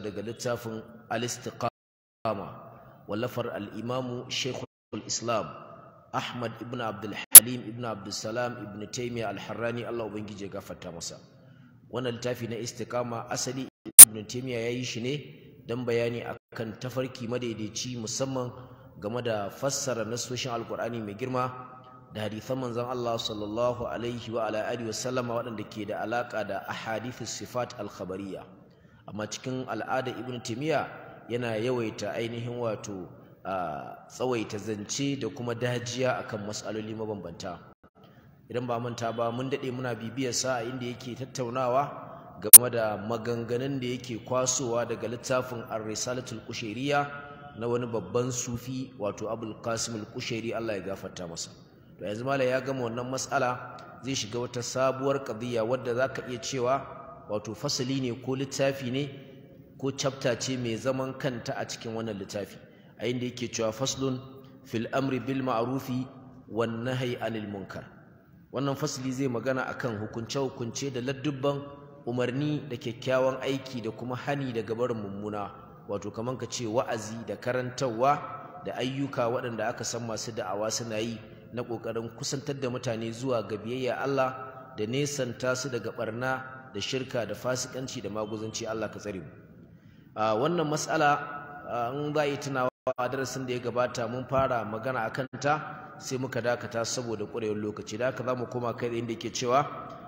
daga littafin al-istiqama wallafar al-imamu shaykhul islam ahmad ibn abdul halim ibn abdul salam ibn al-harrani Allah ubangije gafarta masa wannan littafi na istiqama asali ibn ya yi shi ne dan bayani akan tafarki madaidaici musamman game da fassara nasoshin Al-Qur'ani mai girma da hadithan manzon Allah sallallahu alaihi wa ala alihi wa sallama waɗanda ke da alaka da ahadithus sifat al-khabariyah amma cikin al'ada ibn timiya yana yawaita ainihin wato tsawaita zance da kuma dajiya akan matsaloli mabambanta idan ba manta ba mun daɗe muna bibiya sa inda yake tattaunawa game da maganganun da yake kwasowa daga littafin ar-risalatul kushairiyya na wani babban sufi wato abul qasim al-kushairi Allah ya gafarta masa to yanzu malai ya gama wannan matsala zai shiga wata sabuwar qadiyya wadda zaka iya cewa wato fasali ne ko littafi ne ko chapter ce mai zaman kanta a cikin wannan littafi a inda yake cewa faslun fil amri bil ma'rufi wan nahyi anil munkar wannan fasali zai magana akan hukunce hukunce da ladubban umarni da kyakkyawan aiki da kuma hani daga barin mummuna wato kaman ka ce wa'azi da karantarwa da ayyuka waɗanda aka san masu da'awa suna yi na ƙoƙarin kusantar da mutane zuwa ga biyayya Allah da nesanta su daga ɓarna da shirka da fasikanci da maguzanci Allah ka tsare mu wannan matsala an za a yi tunawa a darasin da ya gabata mun fara magana a kanta sai muka dakata saboda ƙwarewar lokaci da haka za mu koma kai inda ke cewa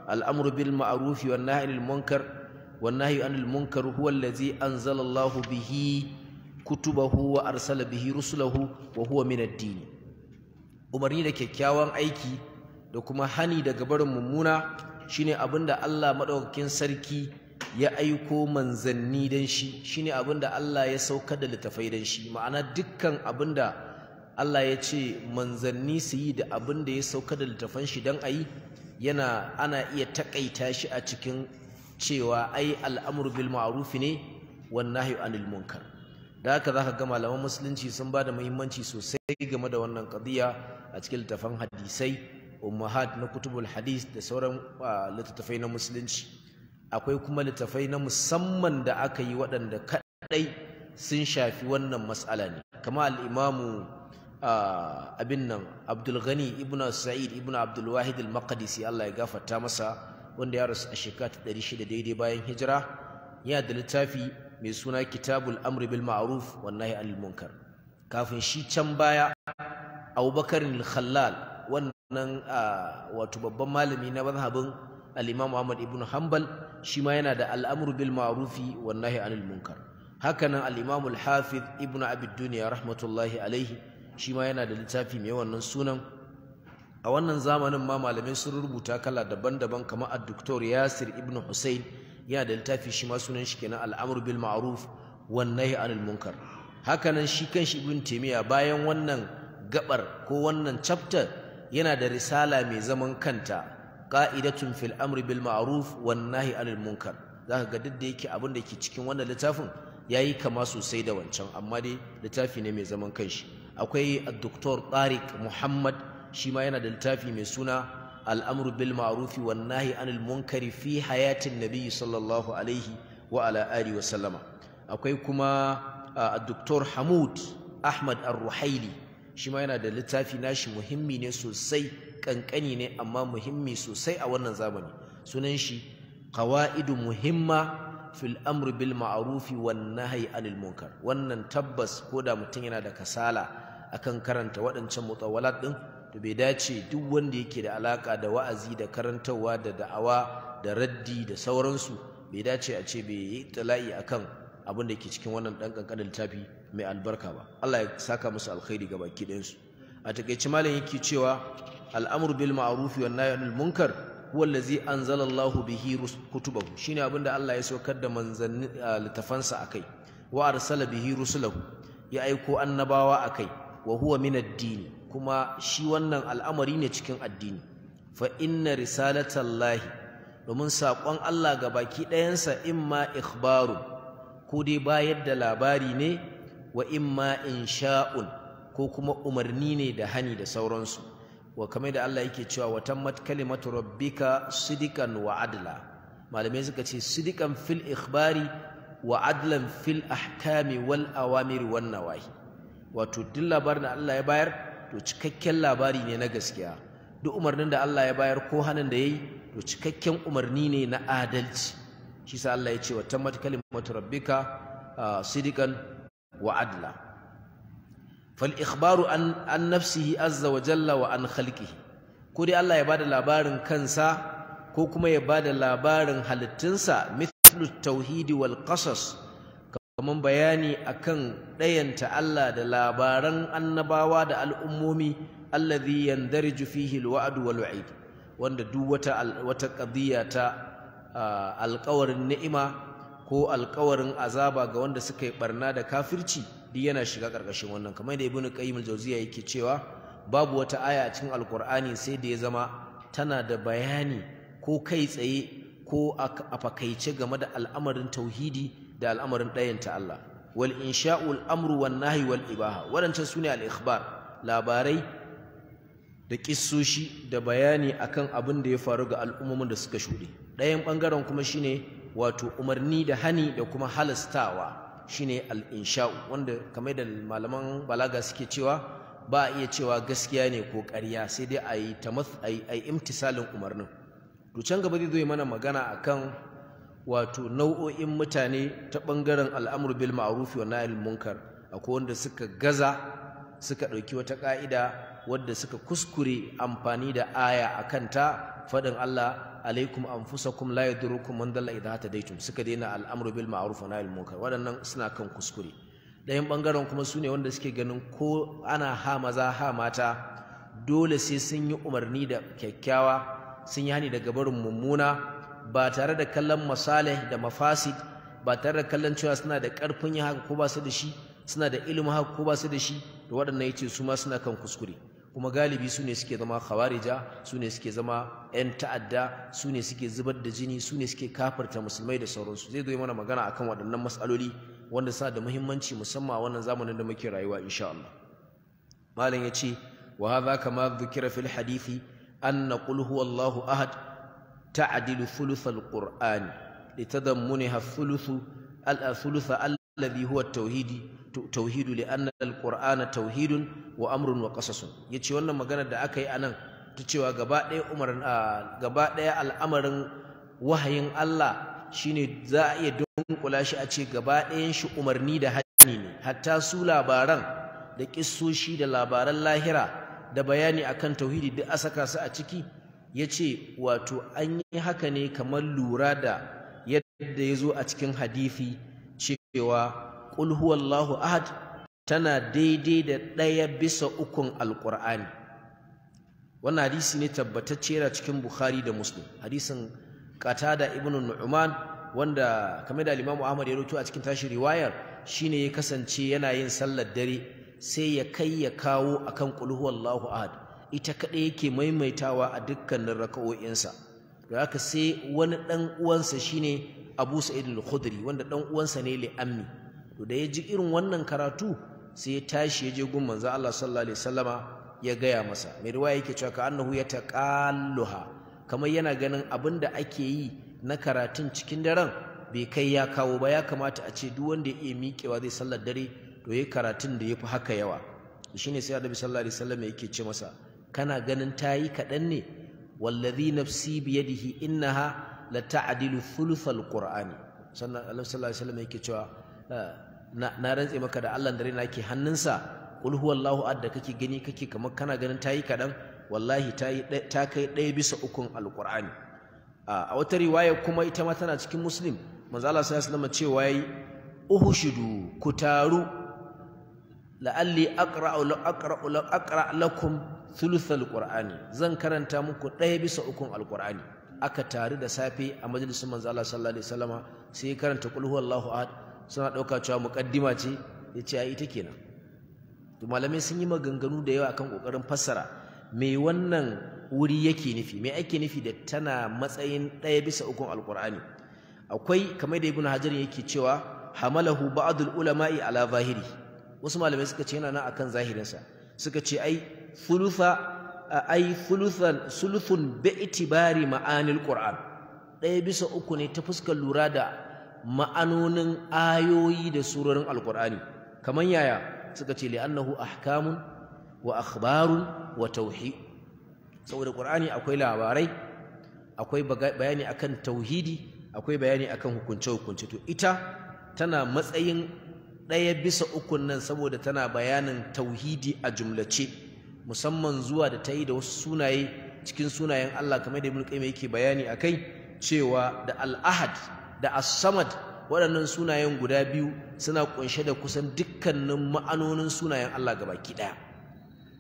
al'amru bil ma'arufi. wan nahyi anil munkar wan nahyi anil munkar bihi kutubahu wa arsala bihi rusulahu wa huwa min ad umarni da kyakkyawan aiki da kuma hani daga barin mummuna shine abinda Allah madaukakin sarki ya aiko manzanni dan shi shine abinda Allah ya saukar da littafai dan shi ma'ana dukkan abinda Allah ya ce manzanni su yi da abinda ya sauka da littafan shi dan ayi yana ana iya takaita shi a cikin cewa ai al'amru bil ma'ruf ne wan nahyu anil munkar da haka zaka ga malaman musulunci sun bada muhimmanci sosai game da wannan qadiya a cikin littafan hadisai ummahat na kutubul hadis da sauran ah, littattafai na musulunci akwai kuma littattafai na musamman da aka yi waɗanda kaɗai sun shafi wannan matsala ne kama al'imamu ah, abin nan abdulghani ibn sa'id ibn abdulwahid al-maqdisi Allah ya gafarta masa wanda ya rasu a shekara ta 600 daidai bayan hijira yana da littafi mai suna kitabul amri bil ma'ruf wan nahyi anil munkar kafin shi can baya abubakar al-khallal wanda nan wato babban malami na mazhabin al-Imam Ahmad ibn Hanbal shi ma yana da Al'amur bil ma'rufi wan nahyi anil munkar haka nan al-Imam al-Hafiz ibn Abi Dunya rahmatullahi alaihi shi ma yana da littafi mai wannan sunan a wannan zamanin ma malamai sun rubuta kala daban-daban kamar ad-Doktor Yasir ibn Hussein yana da littafi shi ma sunan shi kenan al'amru bil ma'ruf wan nahyi anil munkar haka nan shi kanshi Ibn Taymiyyah bayan wannan gabar ko wannan chapter yana da risala mai zaman kanta qa'idatun fil amri bil ma'ruf wan nahi anil munkar zaka ga duk da yake abin da ke cikin wannan littafin yayi kama sosai da wancan amma dai littafi ne mai zaman kanshi akwai ad-doktor Tariq Muhammad shi ma yana da littafi mai suna al-amru bil ma'ruf wan nahi anil fi hayatin Nabiyyu sallallahu alaihi wa ala wa sallama akwai kuma ad-doktor ah, Hamud Ahmad Ar-Ruhaili shi ma yana da littafi nashi muhimmi ne sosai kankani ne amma muhimmi sosai a wannan zamani sunan shi qawaidu muhimma fil amri bil ma'rufi wan nahyi anil munkar wannan tabbas ko da mutum yana da kasala akan karanta waɗancan mutawalat din to bai dace duk wanda yake da alaka da wa'azi da karantarwa da da'awa da raddi da sauransu bai dace a ce bai yi tala'i akan abin da ke cikin wannan ɗan ƙanƙanin littafi mai albarka ba Allah ya saka musu alkhairi ga baki ɗayansu a takaici malam yake cewa al'amur bil ma'arufi wa nahy anil munkar huwa allazi anzala Allah bihi kutubahu shine abin da Allah ya saukar da manzanni littafansa akai wa arsala bihi rusulahu ya aiko annabawa akai wa huwa min ad kuma shi wannan al'amari ne cikin addini fa inna risalatallahi domin saƙon Allah ga baki ɗayansa imma ikhbaru ko dai bayar da labari ne wa imma sha'un ko kuma umarni ne da hani da sauransu wa kamar da Allah yake cewa wa tammat kalimatu rabbika sidikan wa adla malamai suka ce sidikan fil ikhbari wa adlan fil ahkami wal awamir wan nawahi wato duk labarin da Allah ya bayar to cikakken labari ne na gaskiya duk umarnin da Allah ya bayar ko hanin da yayi to cikakken umarni ne na adalci shi sa Allah ya ce wa tammat kalimatu rabbika ah, sidikan wa adla fal ikhbaru an an nafsihi azza wa jalla wa an khalqihi ko dai Allah ya bada labarin kansa ko kuma ya bada labarin halittunsa mithlu tauhidi wal qasas kaman bayani akan ɗayanta Allah da labaran annabawa da al'ummomi alladhi yandariju fihi al-wa'd wal wa'id wanda duk wata wata qadiyya ta alƙawarin ni'ima ko alƙawarin azaba ga wanda suka yi barna da kafirci duk yana shiga ƙarƙashin wannan kamar da ibnu qayyim al-jawziya yake cewa babu wata aya a cikin alƙur'ani sai da ya zama tana da bayani ko kai tsaye ko a fakaice game da al'amarin tauhidi da al'amarin ɗayanta Allah wal insha'u al amru wan nahyi wal ibaha wadancan sune al ikhbar labarai da kissoshi da bayani akan abin da ya faru ga al'ummomin da suka shuɗe ɗayan ɓangaren kuma shine wato umarni da hani da kuma halastawa shine al-insha'u wanda kamar da malaman balaga suke cewa ba a iya cewa gaskiya ne ko ƙarya sai dai a yi a yi imtisalin umarnin to can gaba zai zo mana magana akan wato nau'o'in mutane ta ɓangaren al'amur bil ma'ruf wa nahyil munkar akwai wanda suka gaza suka ɗauki wata ƙa'ida wadda suka kuskure amfani da aya a kanta faɗin Allah alaikum anfusakum la yadurukum man dalla idha hatadaytum suka daina al'amru bil ma'ruf wa nahyil munkar waɗannan suna kan kuskure ɗayan ɓangaren kuma su ne wanda suke ganin ko ana ha maza ha mata dole sai sun yi umarni da kyakkyawa sun yi hani daga barin mummuna ba tare da kallon masalih da mafasid ba tare da kallon cewa suna da ƙarfin yi haka ko ba su da shi suna da ilimin haka ko ba su da shi da waɗannan ya ce su ma suna kan kuskure kuma galibi su ne suke zama khawarija su ne suke zama 'yan ta'adda su ne suke zubar da jini su ne suke kafarta musulmai da sauransu zai zo mana magana kan waɗannan matsaloli wanda sa da muhimmanci musamman a wannan zamanin da muke rayuwa insha Allah malam ya ce wa hadha kama dhukira fil hadithi anna qul huwallahu ahad ta'dilu thuluth al-qur'an litadammunha thuluth al-thuluth الذي هو التوحيد tauhidu li anna alqur'ana tauhidun wa amrun wa qasasun yace wannan magana da aka yi anan ta cewa gaba umar gaba al'amarin wahayin Allah shine za a iya dunkula shi a ce gaba shi umarni da hani ne hatta su labaran da kissoshi da labaran lahira da bayani akan tauhidi duk a saka su a ciki yace wato an yi haka ne kamar lura da yadda ya zo a cikin hadisi cewa qul huwallahu ahad tana daidai da ɗaya bisa ukun alƙur'ani wannan hadisi ne tabbatacce yana cikin bukhari da muslim hadisin da ibn nu'man wanda kamar da limamu ahmad ya rawaito a cikin tashi riwayar shine ya kasance yana yin sallar dare sai ya kai ya kawo akan qul huwallahu ahad ita kaɗai yake maimaitawa a dukkanin raka'o'insa da haka sai wani ɗan uwansa shine abu sa'id al-khudri wanda ɗan uwansa ne li ammi to da ya ji irin wannan karatu sai ya tashi ya je gun manzo Allah sallallahu alaihi wasallama ya gaya masa mai riwaya yake cewa ka annahu ya taqalluha kamar yana ganin abinda da ake yi na karatun cikin daren bai kai ya kawo ba ya kamata a ce duk wanda ya iya miƙewa zai sallar dare to yayi karatun da yafi haka yawa shine sai Annabi sallallahu alaihi wasallama yake ce masa kana ganin tayi kaɗan ne wallazi nafsi biyadihi innaha la ta'dilu thuluthal qur'ani sannan Allah sallallahu alaihi wasallam yake cewa ah, na rantse maka da Allah da raina ke hannunsa qul huwallahu ahad da kake gani kake kamar kana ganin tayi kadan wallahi ta kai ɗaya bisa ukun alqur'ani ah, a wata riwaya kuma ita ma tana cikin muslim manzo Allah sallallahu alaihi wasallam cewa yayi uhushidu ku taru la'alli aqra'u la aqra'u la aqra' lakum thuluthal qur'ani zan karanta muku ɗaya bisa ukun alqur'ani aka taru da safe a majalisun manzo Allah sallallahu alaihi wasallama sai karanta qul huwallahu ahad suna ɗauka cewa muqaddima ce yace ai ita kenan to malamai sun yi maganganu da yawa akan kokarin fassara me wannan wuri yake nufi me ake nufi da tana matsayin ɗaya bisa ukun alqur'ani akwai kamar da ibnu hajar yake cewa hamalahu ba'dul ulama'i ala zahiri wasu malamai suka ce yana nan akan zahirinsa suka ce ai fulufa ai sulusun bi itibari ma'anil qur'an ɗaya bisa uku ne ta fuskar lura da ma'anonin ayoyi da surorin alqur'ani kamar yaya suka ce annahu ahkamun wa akhbarun wa tauhid saboda qur'ani akwai labarai akwai bayani kan tauhidi akwai bayani akan hukunce hukunce to ita tana matsayin ɗaya bisa uku nan saboda tana bayanin tauhidi a jumlace musamman zuwa da ta yi da wasu sunaye cikin sunayen Allah kamar da Ibn Qayyim yake bayani akai cewa da al da as waɗannan sunayen guda biyu suna kunshe da kusan dukkanin ma'anonin sunayen Allah gabaki ɗaya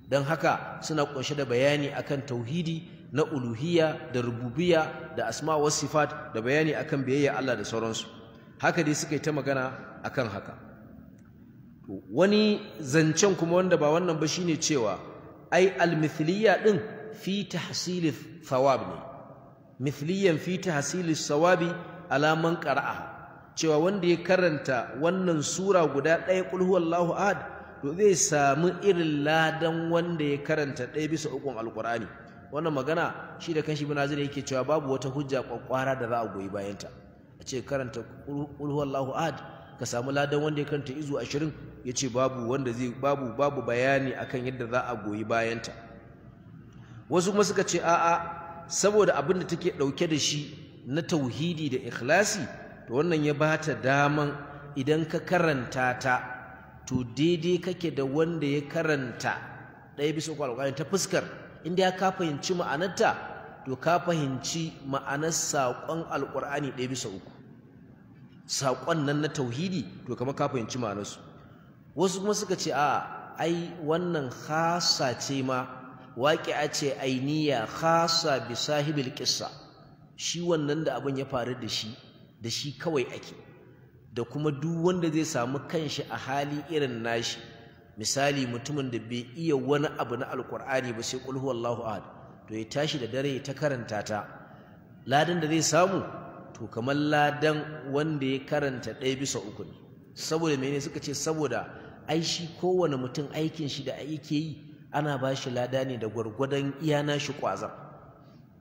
don haka suna kunshe da bayani akan tauhidi na uluhiyya da rububiyya da asma wa sifat da bayani akan biyayya Allah da sauransu haka dai suka yi ta magana akan haka wani zancen kuma wanda ba wannan ba shine cewa ai almithliya din fi tahsil thawab ne mithliyan fi tahsil thawabi alaman qara'a cewa wanda ya karanta wannan sura guda ɗaya qul huwallahu ahad to zai samu irin ladan wanda ya karanta ɗaya bisa ukun alqur'ani wannan magana shi da kanshi ibn azir yake cewa babu wata hujja kwakwara da za a goyi bayanta a ce karanta qul huwallahu ahad ka samu ladan wanda ya karanta izu ashirin Ya ce babu wanda zai babu babu bayani akan yadda za a goyi bayanta wasu kuma suka ce a'a saboda abin da take ɗauke da shi na tauhidi da ikhlasi to wannan ya ba ta daman idan ka karanta ta to daidai kake da wanda ya karanta ɗaya bisa uku alƙur'ani ta fuskar inda ya ka fahimci ma'anarta to ka fahimci ma'anar saƙon alƙur'ani ɗaya bisa uku saƙon nan na tauhidi to kama ka fahimci ma'anarsu wasu kuma suka ce a ai wannan khasa ce ma a ce ainiya khasa bi sahibil qissa shi wannan da abin ya faru da shi da shi kawai ake da kuma duk wanda zai samu kanshi a hali irin nashi misali mutumin da bai iya wani abu na alkur'ani ba sai qul huwallahu ahad to ya tashi da dare ta karanta ta ladan da zai samu to kamar ladan wanda ya karanta ɗaya bisa uku ne saboda mene suka ce saboda ai shi kowane mutum aikin shi da yake yi ana ba shi lada ne da gwargwadon iya nashi kwazan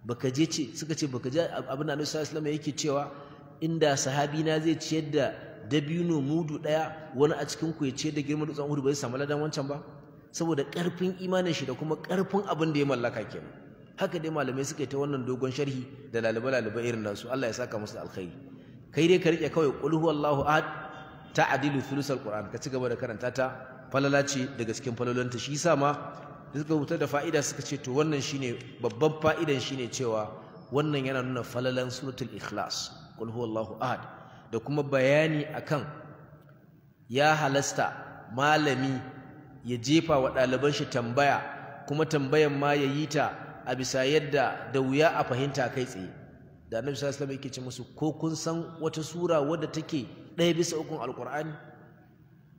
baka je ce suka ce baka je abin da Annabi sallallahu alaihi yake cewa inda sahabi na zai ciyar da dabino mudu daya wani a cikin ku ya ciyar da girman dutsen Uhud bai samu ladan wancan ba saboda karfin imanin shi da kuma karfin abin da ya mallaka kenan haka dai malamai suka yi ta wannan dogon sharhi da lalibai lalibai irin nasu Allah ya saka musu alkhairi kai dai ka rike kawai qul huwallahu ahad adilu thuluthal qur'an ka ci gaba da karanta ta falala ce daga cikin falalolanta shi yasa ma suka hutar da fa'ida suka ce to wannan shine babban fa'idan shine cewa wannan yana nuna falalan suratul ikhlas qul huwallahu ahad da kuma bayani akan ya halasta malami ya jefa wa ɗaliban shi tambaya kuma tambayan ma yayi ta a bisa yadda da wuya a fahimta kai tsaye da annabi sallallahu alaihi wasallam yake ce musu ko kun san wata sura wadda take ɗaya bisa ukun alqur'ani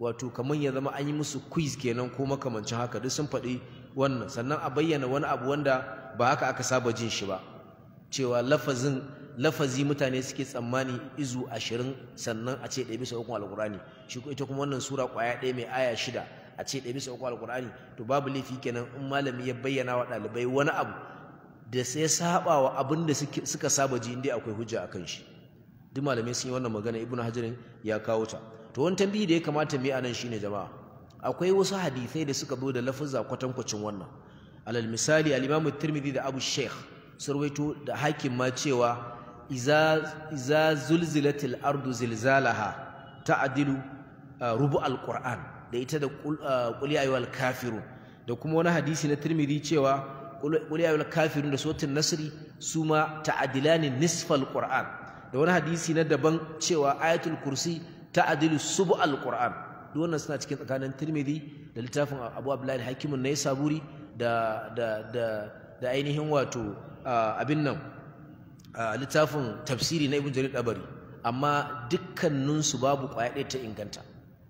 wato kaman ya zama an yi musu quiz kenan ko makamancin haka duk sun faɗi wannan sannan a bayyana wani abu wanda ba haka aka saba jin shi ba cewa lafazin lafazi mutane suke tsammani izu ashirin sannan a ce ɗaya bisa ukun alqur'ani shi ita kuma wannan sura ƙwaya ɗaya mai aya shida a ce ɗaya bisa ukun alqur'ani to babu laifi kenan in malami ya bayyana wa ɗalibai wani abu da sai saba wa abin da suka saba ji inda akwai hujja akan shi duk malamai sun yi wannan magana ibnu hajarin ya kawo ta to wani tambayi da ya kamata mu yi anan shine jama'a akwai wasu hadisai da suka zo da lafuzza kwatankwacin wannan alal misali al-imamu da abu sheikh sarwaito da hakin ma cewa iza iza zulzilatil ardu zilzalaha ta'dilu uh, rubu al ƙurani da ita da uh, qul ayyuhal da kuma wani hadisi na tirmidhi cewa qul ya kafirun da suratul nasri suma ta'adilanin nisfal qur'an da wani hadisi na daban cewa ayatul kursi ta'dilu sub'al qur'an duk wannan suna cikin tsakanin tirmidhi da littafin abu abdullahi hakim na saburi da da ainihin wato abin nan littafin tafsiri na ibn jarir dabari amma dukkaninsu babu kwaya ɗaya ta inganta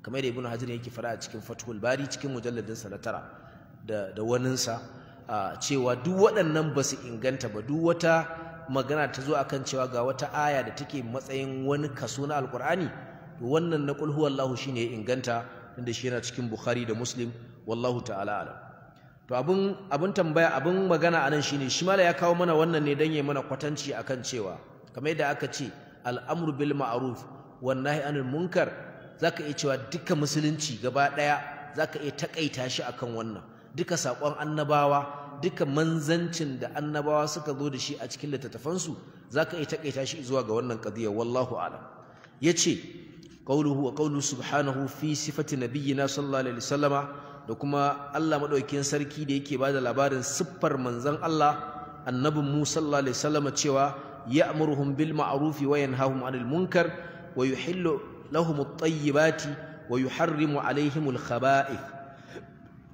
kamar da ibn hajar yake fara a cikin fathul bari cikin mujalladin sa na tara da waninsa cewa duk waɗannan ba su inganta ba duk wata magana ta zo akan cewa ga wata aya da take matsayin wani kaso na alkur'ani wannan na qul huwallahu shine ya inganta tunda shi yana cikin bukhari da muslim wallahu ta'ala alam to abin tambaya abin magana anan shine shi mala ya kawo mana wannan ne dan ya mana kwatanci akan cewa kamar yadda aka ce al'amru bil ma'ruf wan nahi anil munkar zaka iya cewa duka musulunci gaba daya zaka iya takaita shi akan wannan duka saƙon annabawa duka manzancin da annabawa suka zo da shi a cikin littattafansu za ka iya taƙaita shi zuwa ga wannan ƙadiyar wallahu ya ce ƙauluhu wa ƙaulu subhanahu fi sifati nabiyyina sallallahu alaihi wasallama da kuma Allah maɗaukin sarki da yake ba da labarin siffar manzon Allah annabin mu sallallahu alaihi wasallama cewa ya'muruhum bil ma'rufi wa yanhahum 'anil munkar wa yuhillu lahum at-tayyibati wa yuharrimu 'alayhim al-khaba'ith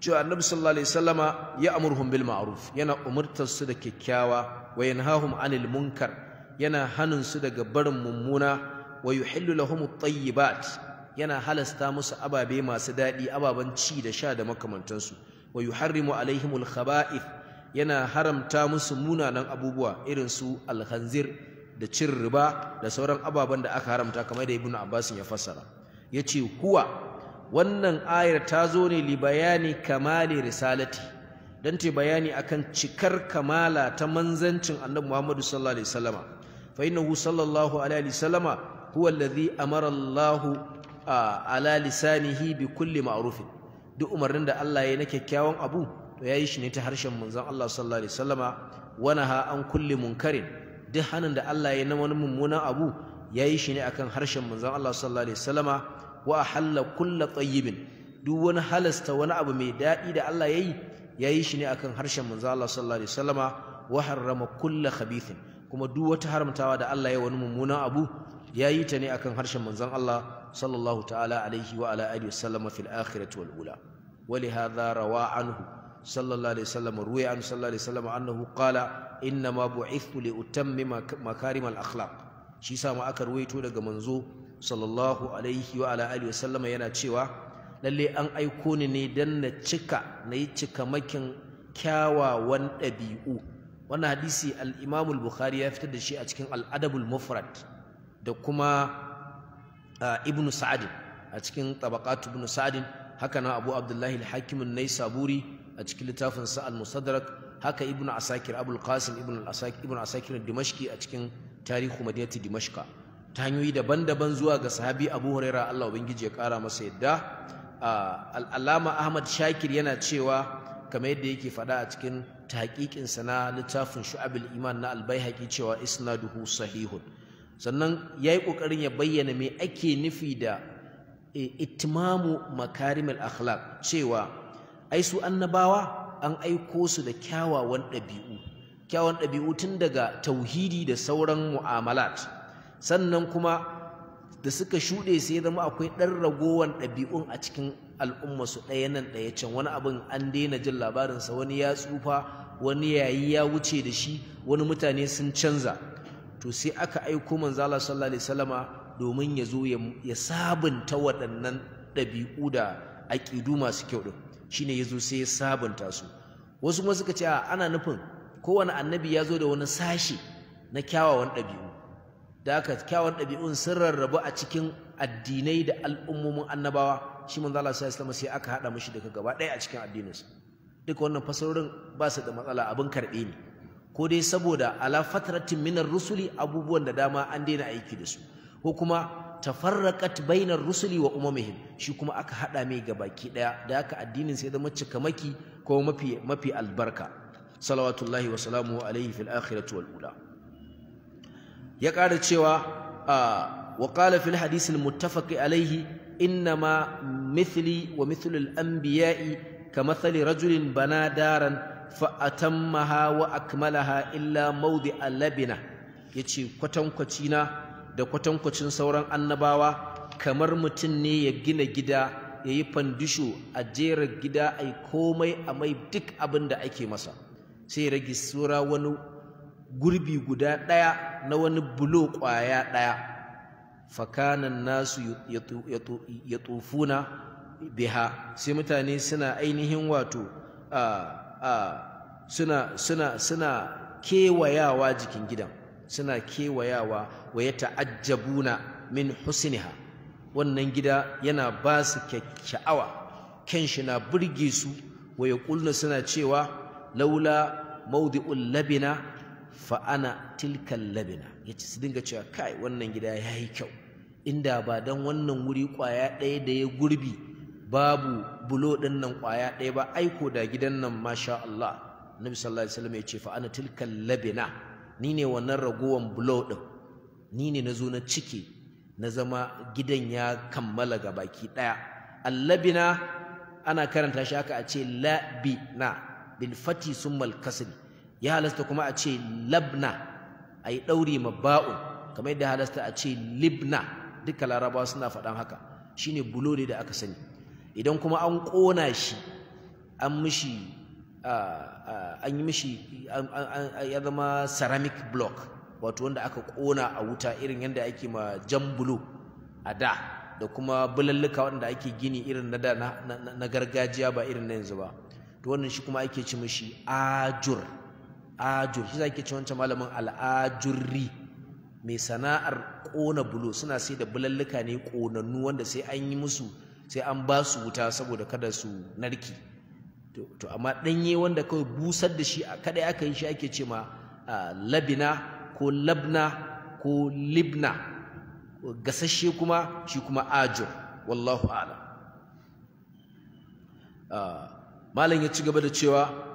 cewa annabi sallallahu alaihi wasallama ya amurhum bil ma'ruf yana umurtar su da kyakkyawa wa yanhahum anil munkar yana hanin su daga barin mummuna wa yuhillu lahum at-tayyibat yana halasta musu ababe masu daɗi ababen ci da sha da makamantansu wa yuharrimu alaihim al-khaba'ith yana haramta musu munanan abubuwa irin su al-khanzir da cin riba da sauran ababen da aka haramta kamar da ibnu abbas ya fassara yace huwa wannan ayar ta zo ne li bayani kamali risalati don ta bayani akan cikar kamala ta manzancin annabi Muhammadu sallallahu alaihi wasallama fa innahu sallallahu alaihi wasallama huwa alladhi amara Allahu ala lisanihi bi kulli ma'rufin duk umarnin da Allah ya na kyakkyawan abu to yayi shi ne ta harshen manzon Allah sallallahu alaihi wasallama wa naha an kulli munkarin duk hanin da Allah ya na wani mummunan abu yayi shi ne akan harshen manzon Allah sallallahu alaihi wasallama wa ahalla kulla tayyibin duk wani halasta wani abu mai daɗi da Allah yayi yayi shi ne akan harshen manzo Allah sallallahu alaihi wasallama wa harrama kulla khabithin kuma duk wata haramtawa da Allah ya wani mummunan abu yayi ta ne akan harshen manzon Allah sallallahu ta'ala alaihi wa ala alihi wasallama fil akhirati wal ula ولهذا روى عنه صلى الله عليه وسلم روي عنه صلى الله عليه وسلم أنه قال إنما بعثت لأتمم مكارم الأخلاق shi sa ma aka daga manzo sallallahu alaihi wa ala alihi wasallama yana cewa lalle an aiko ni ne dan na cika na yi cikamakin kyawawan ɗabi'u wannan hadisi al-Imam al-Bukhari ya fitar da shi a cikin al-Adabul Mufrad da kuma Ibn Sa'd a cikin Tabaqat Ibn Sa'd haka na Abu Abdullahi al-Hakim an-Naisaburi a cikin littafin sa al haka Ibn Asakir Abul Qasim Ibn Asakir Ibn Asakir Dimashqi a cikin Tarihu Madinati Dimashqa ta hanyoyi daban-daban zuwa ga sahabi Abu Huraira Allah ubangiji ya kara masa yadda Alama Ahmad Shakir yana cewa kamar yadda yake faɗa a cikin tahqiqin sa na littafin Shu'abul Iman na al cewa isnaduhu sahihun sannan yayi ƙoƙarin ya bayyana me ake nufi da eh, itimamu makarimul akhlaq cewa ai su annabawa an aiko su da kyawawan ɗabi'u kyawawan ɗabi'u tun daga tauhidi da sauran mu'amalat sannan kuma da suka shuɗe sai zama akwai ɗan ragowar ɗabi'un a cikin al'umma su ɗaya nan ɗaya can wani abin an daina jin labarinsa wani ya tsufa wani yayi ya wuce da shi wani mutane sun canza to sai aka aiko manzala sallallahu alaihi wasallama domin ya zo ya sabunta waɗannan ɗabi'u da aƙidu masu kyau ɗin shine ya zo sai ya sabunta su wasu kuma suka ce ana nufin kowane annabi ya zo da wani sashi na kyawawan ɗabi'u da aka kyawun ɗabi'un sun rarrabu a cikin addinai da al'ummomin annabawa shi manzo Allah sallallahu alaihi sai aka haɗa mashi daga gaba ɗaya a cikin addininsa duk wannan fasarorin ba su da matsala abin karɓe ne ko dai saboda ala fatratin minar rusuli abubuwan da dama an daina aiki da su ko kuma tafarraqat bainar rusuli wa umamihim shi kuma aka haɗa mai gabaki ɗaya da aka addinin sai zama cikamaki ko mafi mafi albarka salawatullahi wa salamu alaihi fil akhirati wal ula ya ƙara cewa a waƙala fil hadith al alaihi, innama mithli wa mithlu al anbiya'i kamathali rajulin bana daran fa atammaha wa akmalaha illa mawdi al labina yace kwatankwaci na da kwatankwacin sauran annabawa kamar mutum ne ya gina gida ya yi fandisho a jera gida a komai a mai duk abin da ake masa sai rage sura wani gurbi guda ɗaya na wani bulo ƙwaya ɗaya fakanan nasu ya tufuna biha sai mutane suna ainihin wato suna suna suna kewayawa jikin gidan suna kewayawa wa ta'ajjabuna min husniha wannan gida yana ba su kyakkyawa kyan shi na burge su wa ya suna cewa laula maudi'ul labina fa'ana tilkan labina ya ci su dinga cewa kai wannan gida ya yi kyau inda ba don wannan wuri kwaya ɗaya da ya gurbi babu bulo ɗin nan kwaya ɗaya ba aiko da gidan nan masha Allah nabi sallallahu alaihi wasallam ya ce fa'ana tilkan labina ni ne wannan ragowan bulo ɗin ni ne na zo na ciki na zama gidan ya kammala ga baki ɗaya allabina ana karanta shi haka a ce labina bil fati summal kasri ya halasta kuma a ce labna a yi ɗauri ma ba'u kamar yadda halasta a ce libna duka larabawa suna faɗan haka shine bulo ne da aka sani idan kuma an ƙona shi an mishi an yi mishi ya zama ceramic block wato wanda aka ƙona a wuta irin yadda ake ma jan bulo a da da kuma bulalluka wanda ake gini irin na da na gargajiya ba irin na yanzu ba to wannan shi kuma ake ci mishi ajur al'ajur shi zaki ce wancan malamin al'ajurri mai sana'ar ƙona bulo suna sai da bulalluka ne ƙonannu wanda sai an yi musu sai an ba su wuta saboda kada su narki to amma ɗanye wanda kawai busar da shi kadai aka yi shi ake ce ma labina ko labna ko libna gasashe kuma shi kuma ajur wallahu a'lam ah, malam ya ci gaba da cewa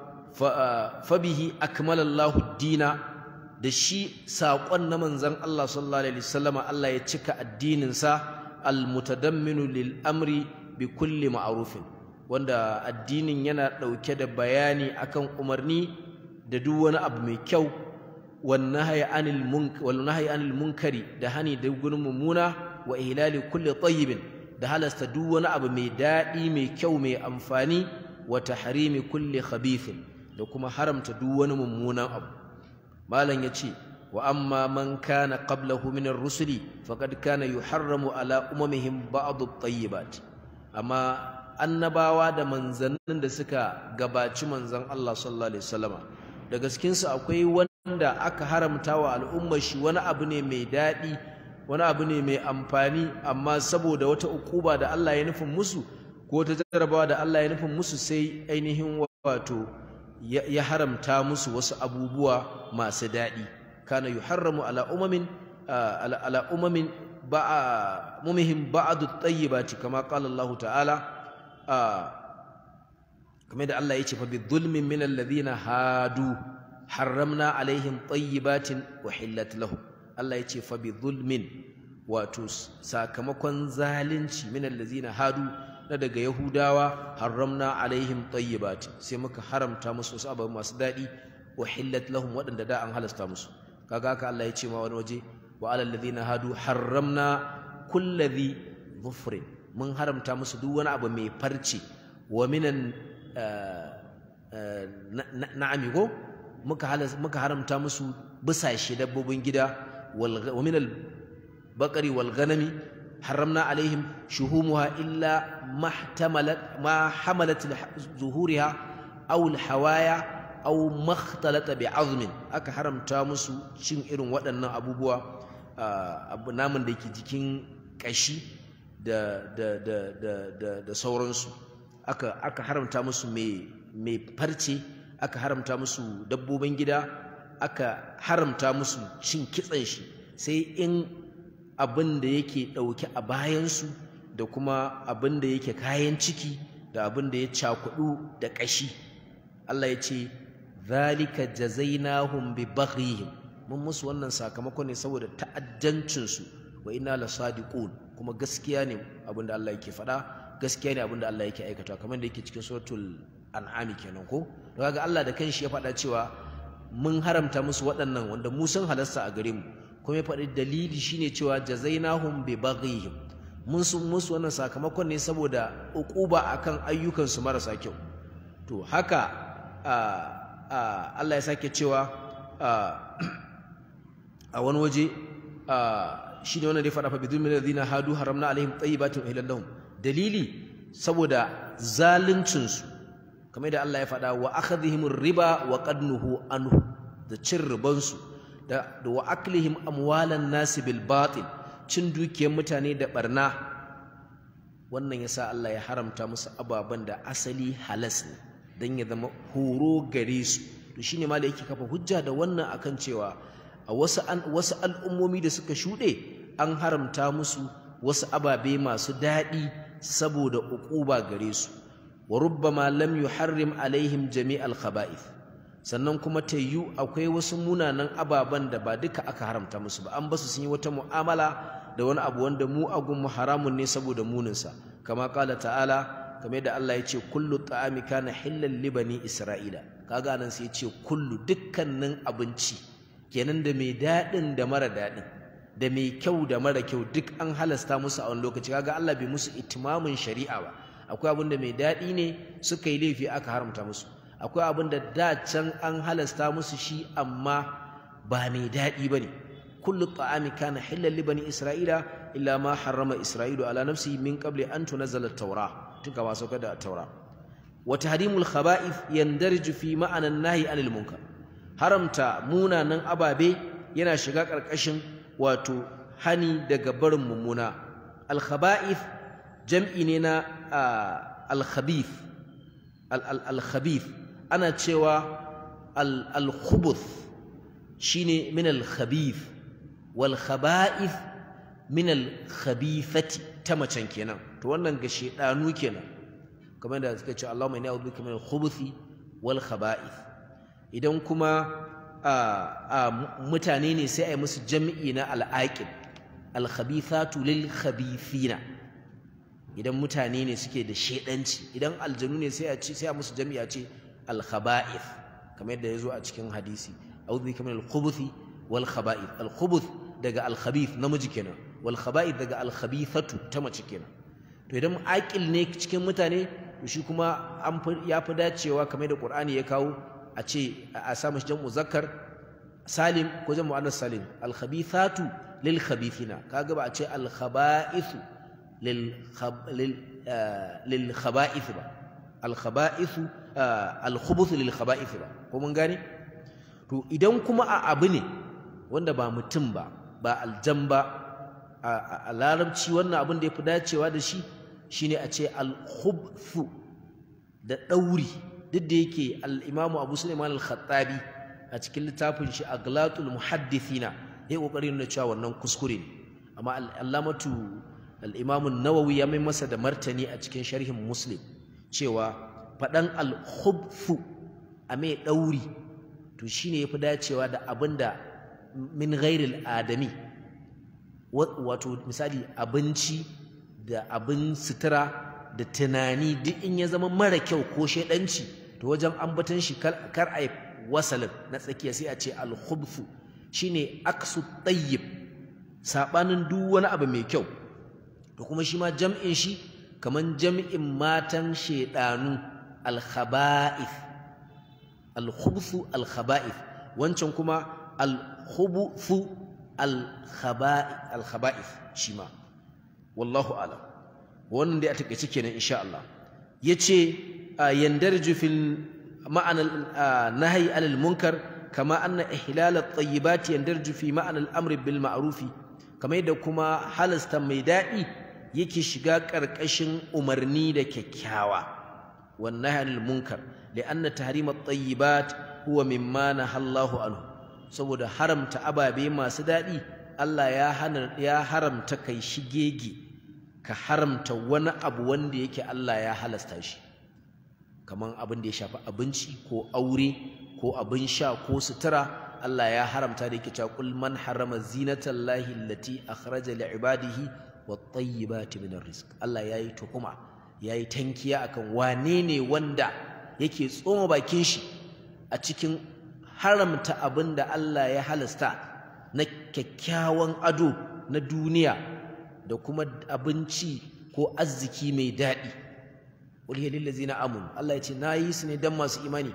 فبه أكمل الله الدين دشي ساقن نمن زن الله Allah الله عليه وسلم الله يتكى الدين سا المتدمن للأمر بكل معروف wanda addinin yana ɗauke da bayani akan umarni da duk wani abu mai kyau wal nahyi anil munkari da hani da gurin mummuna wa ihlali kulli tayyibin da halasta duk wani abu mai daɗi mai kyau mai amfani wa tahrimi kulli khabithin da kuma haramta duk wani mummunan abu malam ya ce wa amma man kana qablahu min ar-rusuli faqad kana yuharramu ala umamihim ba'd at-tayyibat amma annabawa da manzannin da suka gabaci manzan Allah sallallahu alaihi wasallama daga cikin su akwai wanda aka haramta wa al'ummar shi wani abu ne mai daɗi wani abu ne mai amfani amma saboda wata ukuba da Allah ya nufin musu ko ta jarabawa da Allah ya nufin musu sai ainihin wato ya haramta musu wasu abubuwa masu daɗi kana yi haramu ala umamin ala umamin ba'a mumihim ba tayyibati kama qala Allah ta'ala kamar da Allah ya ce fa bi dhulmin min alladhina hadu harramna alaihim tayyibatin uhillat lahum Allah ya ce fa bi dhulmin wato sakamakon zalunci min alladhina hadu na daga yahudawa haramna alaihim tayyibati sai muka haramta musu wasu abu masu daɗi wa hillat lahum waɗanda da an halasta musu kaga haka Allah ya ce ma wani waje wa alal ladina hadu haramna kulladhi dhufrin mun haramta musu duk wani abu mai farce wa minan eh, eh, na'ami ko muka haramta musu bisashe dabbobin gida wa minal bakari wal ganami حرمنا عليهم شهومها illa mahamalatul احتملت ما حملت au أو bi azumin aka haramta musu cin irin waɗannan abubuwa إرن da ke jikin ƙashi da sauransu aka haramta musu mai farce aka haramta musu dabbobin gida aka haramta musu cin kitson shi sai in abin da yake ɗauke a bayansu da kuma abin da yake kayan ciki da abin da ya cakuɗu da ƙashi Allah ya ce zalika jazainahum bi baghihim mun musu wannan sakamako ne saboda ta'addancinsu wa inna lasadiqun kuma gaskiya ne abin da Allah yake faɗa gaskiya ne abin da Allah yake aikata kamar da yake cikin suratul al'ami kenan ko kaga Allah da kanshi ya faɗa cewa mun haramta musu waɗannan wanda mu sun halasta a gare mu kuma ya faɗi dalili shine cewa jazainahum bi baghihim mun sun musu wannan sakamakon ne saboda uquba akan ayyukansu marasa kyau to haka Allah ya sake cewa a wani waje shi ne wannan da ya faɗa fa bidun min alladhina hadu haramna alaihim tayyibatin uhillat dalili saboda zaluncinsu kamar da Allah ya faɗa wa akhadhihim riba wa qadnuhu anhu da cin ribansu da wa aklihim amwalan nasi bil batil cin dukiyar mutane da barna wannan yasa Allah ya haramta musu ababen da asali halas ne dan ya zama horo gare su to shine ma da yake kafa hujja da wannan akan cewa a wasu wasu al'ummomi da suka shuɗe an haramta musu wasu ababe masu daɗi saboda uquba gare su wa rubbama lam yuharrim alaihim jami'al khaba'ith sannan kuma ta yiwu akwai wasu munanan ababen da ba duka aka haramta musu ba an basu sun yi wata mu'amala da wani abu wanda mu agun mu haramun ne saboda muninsa kama kala ta'ala kamar da Allah ya ce kullu ta'ami kana hillar libani isra'ila kaga nan sai ya ce kullu dukkanin abinci kenan da mai daɗin da mara daɗi, da mai kyau da mara kyau duk an halasta musu a wani lokaci kaga Allah bai musu itimamin shari'a ba akwai abin da mai daɗi ne suka yi laifi aka haramta musu akwai abin da da can an halasta musu shi amma ba mai daɗi ba ne kullu ta'ami kana hillal li bani isra'ila illa ma harrama isra'ilu ala nafsi min qabli an tunzala at-taura tun kama saukar da taura wa tahrimul khaba'ith yandarju fi ma'anan nahi anil munkar haramta munanan ababe yana shiga karkashin wato hani daga barin mummuna al-khaba'ith jam'i ne na al-khabith al ana cewa al-khubuth shine min al-khabith wal khaba'ith min al-khabithati ta macen kenan to wannan ga shedanu kenan kamar da suka ce Allahu mai na'udhu bika min al-khubuthi wal khaba'ith idan kuma mutane ne sai a yi musu jami'i na al-aqib al-khabithatu lil khabithina idan mutane ne suke da shedanci idan aljanu ne sai a ce sai a musu jami'a ce al-khaba'ith yadda ya zo a cikin hadisi a'udhu bika min al-khubuthi wal khaba'ith al-khubuth daga al-khabith namiji kenan wal daga al-khabithatu ta mace kenan to idan aqil ne cikin mutane to shi kuma an ya fi dacewa kamar da Qur'ani ya kawo a ce a sa mashi jam'u zakkar salim ko jam'u anas salim al-khabithatu lil khabithina kaga ba a ce al-khaba'ithu lil lil eh, ba alkhaba'isu ah, alkhubuth lil ba ko mun gane to idan kuma a abu ne wanda ba mutum ba ba aljan ba a larabci wannan abin da ya fi dacewa da shi shine a ce alkhubthu da ɗauri duk da yake al'imamu abu suleiman al-khattabi a cikin littafin shi aglatul muhaddithina ya kokarin nuna cewa wannan kuskure ne amma al'amatu al'imamu nawawi ya mai masa da martani a cikin sharhin muslim cewa faɗan alhubfu a mai ɗauri to shi ne ya fi dacewa da abin da min ghairil adami wato misali abinci da abin sutura da tunani duk in ya zama mara kyau ko shaidanci to wajen ambaton shi kar a yi wasalin na tsakiya sai a ce alhubfu ne aksu tsayyib saɓanin duk wani abu mai kyau to kuma shi ma jam'in shi kaman jami'in matan shedanu al-khaba'ith al-khubthu al-khaba'ith wancan kuma al-khubthu al-khaba'ith shi ma wallahu a'lam wannan dai a takaice kenan insha Allah yace yandarju fil ma'ana nahyi anil munkar kama anna ihlal at-tayyibat yandarju fi ma'ana al-amri bil ma'ruf kamar da kuma halasta mai daɗi yake shiga ƙarƙashin umarni da kyakkyawa wan Da anil munkar li'anna tahrima at-tayyibat huwa mimma hallahu anhu saboda haramta ababe masu daɗi Allah ya haramta kai shigege ka haramta wani abu wanda yake Allah ya halasta shi kaman abin da ya shafi abinci ko aure ko abin sha ko sutura Allah ya haramta da yake cewa qul man harrama zinatallahi allati akhraja li ibadihi ta minar rizq Allah yayi ya yi tankiya akan wane ne wanda yake tsoma bakin shi a cikin haramta abin da Allah ya halasta na kyakkyawan ado na duniya da kuma abinci ko arziki mai daɗi wal hiya zina amanu Allah ya ce na yi su ne dan masu imani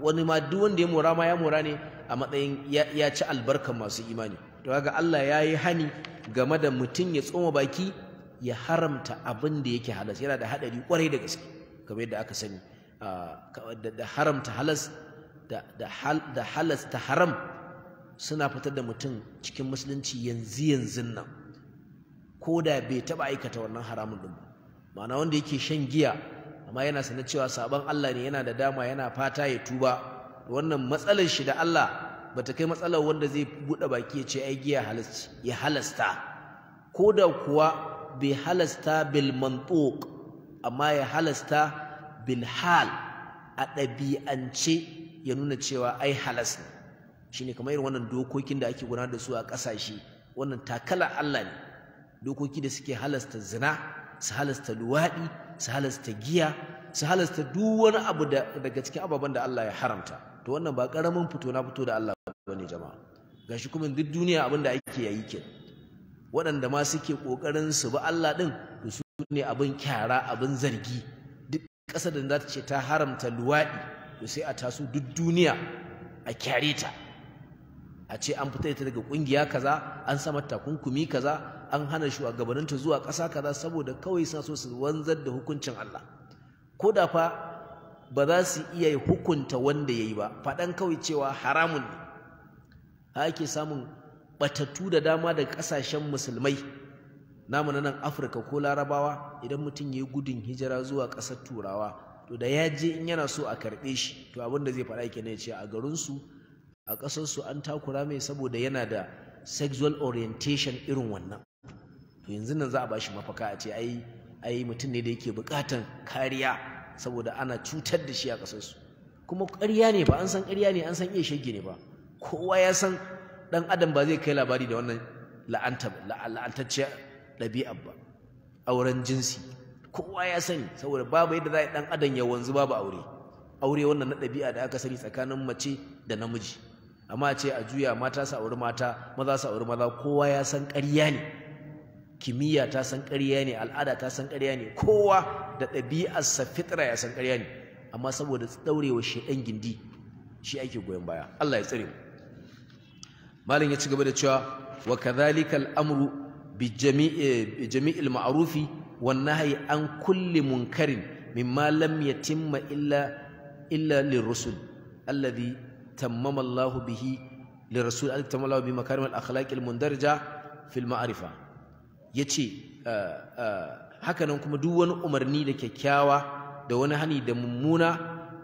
wani ma duk wanda ya mura ma ya mura ne a matsayin ya ci albarka masu imani to ga Allah ya yi hani game da mutum ya tsoma baki ya haramta abin da yake halas yana da haɗari kwarai da gaske kamar yadda aka sani ah, da haramta halas da halasta haram suna fitar da mutum cikin musulunci yanzu yanzun nan ko da bai taɓa aikata wannan haramun ɗin ba ma'ana wanda yake shan giya amma yana sanar cewa sabon Allah ne yana da dama yana fata ya tuba wannan matsalar shi da Allah bata kai matsalar wanda zai buɗe baki ya ce ai giya halasci ya halasta ko da kuwa bai halasta bil mantuq amma ya halasta bil hal a ɗabi'ance ya nuna cewa ai halas ne shine kamar irin wannan dokokin da ake gudanar da su a ƙasashe wannan takalar Allah ne dokoki da suke halasta zina su halasta luwaɗi su halasta giya su halasta duk wani abu daga cikin ababen da Allah ya haramta to wannan ba karamin fito na fito da Allah bane jama'a gashi kuma duk duniya abin da ake yayi ke waɗanda ma suke kokarin su ba Allah din to su ne abin kyara abin zargi duk kasar da za ta ce ta haramta luwaɗi to sai a taso duk duniya a kyare ta a ce an fitar ta daga kungiya kaza an sama kunkumi kaza an hana shugabanninta zuwa ƙasa kaza saboda kawai suna so su wanzar da hukuncin Allah ko da fa ba za su iya hukunta wanda ya yi ba faɗan kawai cewa haramun ne ake samun ɓatattu da dama daga ƙasashen musulmai namu na nan afirka ko larabawa idan mutum ya yi gudun hijira zuwa ƙasar turawa to da ya je in yana so a karɓe shi to abin da zai faɗa kenan ya ce a garinsu a ƙasarsu an takura mai saboda yana da sexual orientation irin wannan to yanzu nan za a ba shi mafaka a ce ai ai mutum ne da yake buƙatan kariya saboda ana cutar da shi a ƙasarsu kuma ƙarya ne ba an san ƙarya ne an san iya shege ne ba kowa ya san ɗan adam ba zai kai labari da wannan la'antacciyar ɗabi'a ba auren jinsi kowa ya sani saboda babu yadda za a ɗan adam ya wanzu babu aure aure wannan na ɗabi'a da aka sani tsakanin mace da namiji amma a ce a juya mata su auri mata maza su auri maza kowa ya san ƙarya ne kimiyya ta san ƙarya ne al'ada ta san ƙarya ne kowa da ɗabi'arsa fitra ya san ƙarya ne amma saboda ɗaurewa shedan gindi shi ake goyon baya Allah ya tsare mu malam ya ci gaba da cewa wa kadhalika al'amru bi jami'i eh, jami'il ma'rufi wan nahyi an kulli munkarin mimma lam yatimma illa illa lirrusul alladhi tammama Allahu bihi lirrasul altamala bi makarim al-akhlaq mundarija fi al ya ce ah, ah, hakanan kuma duk wani umarni da kyakkyawa da wani hani da mummuna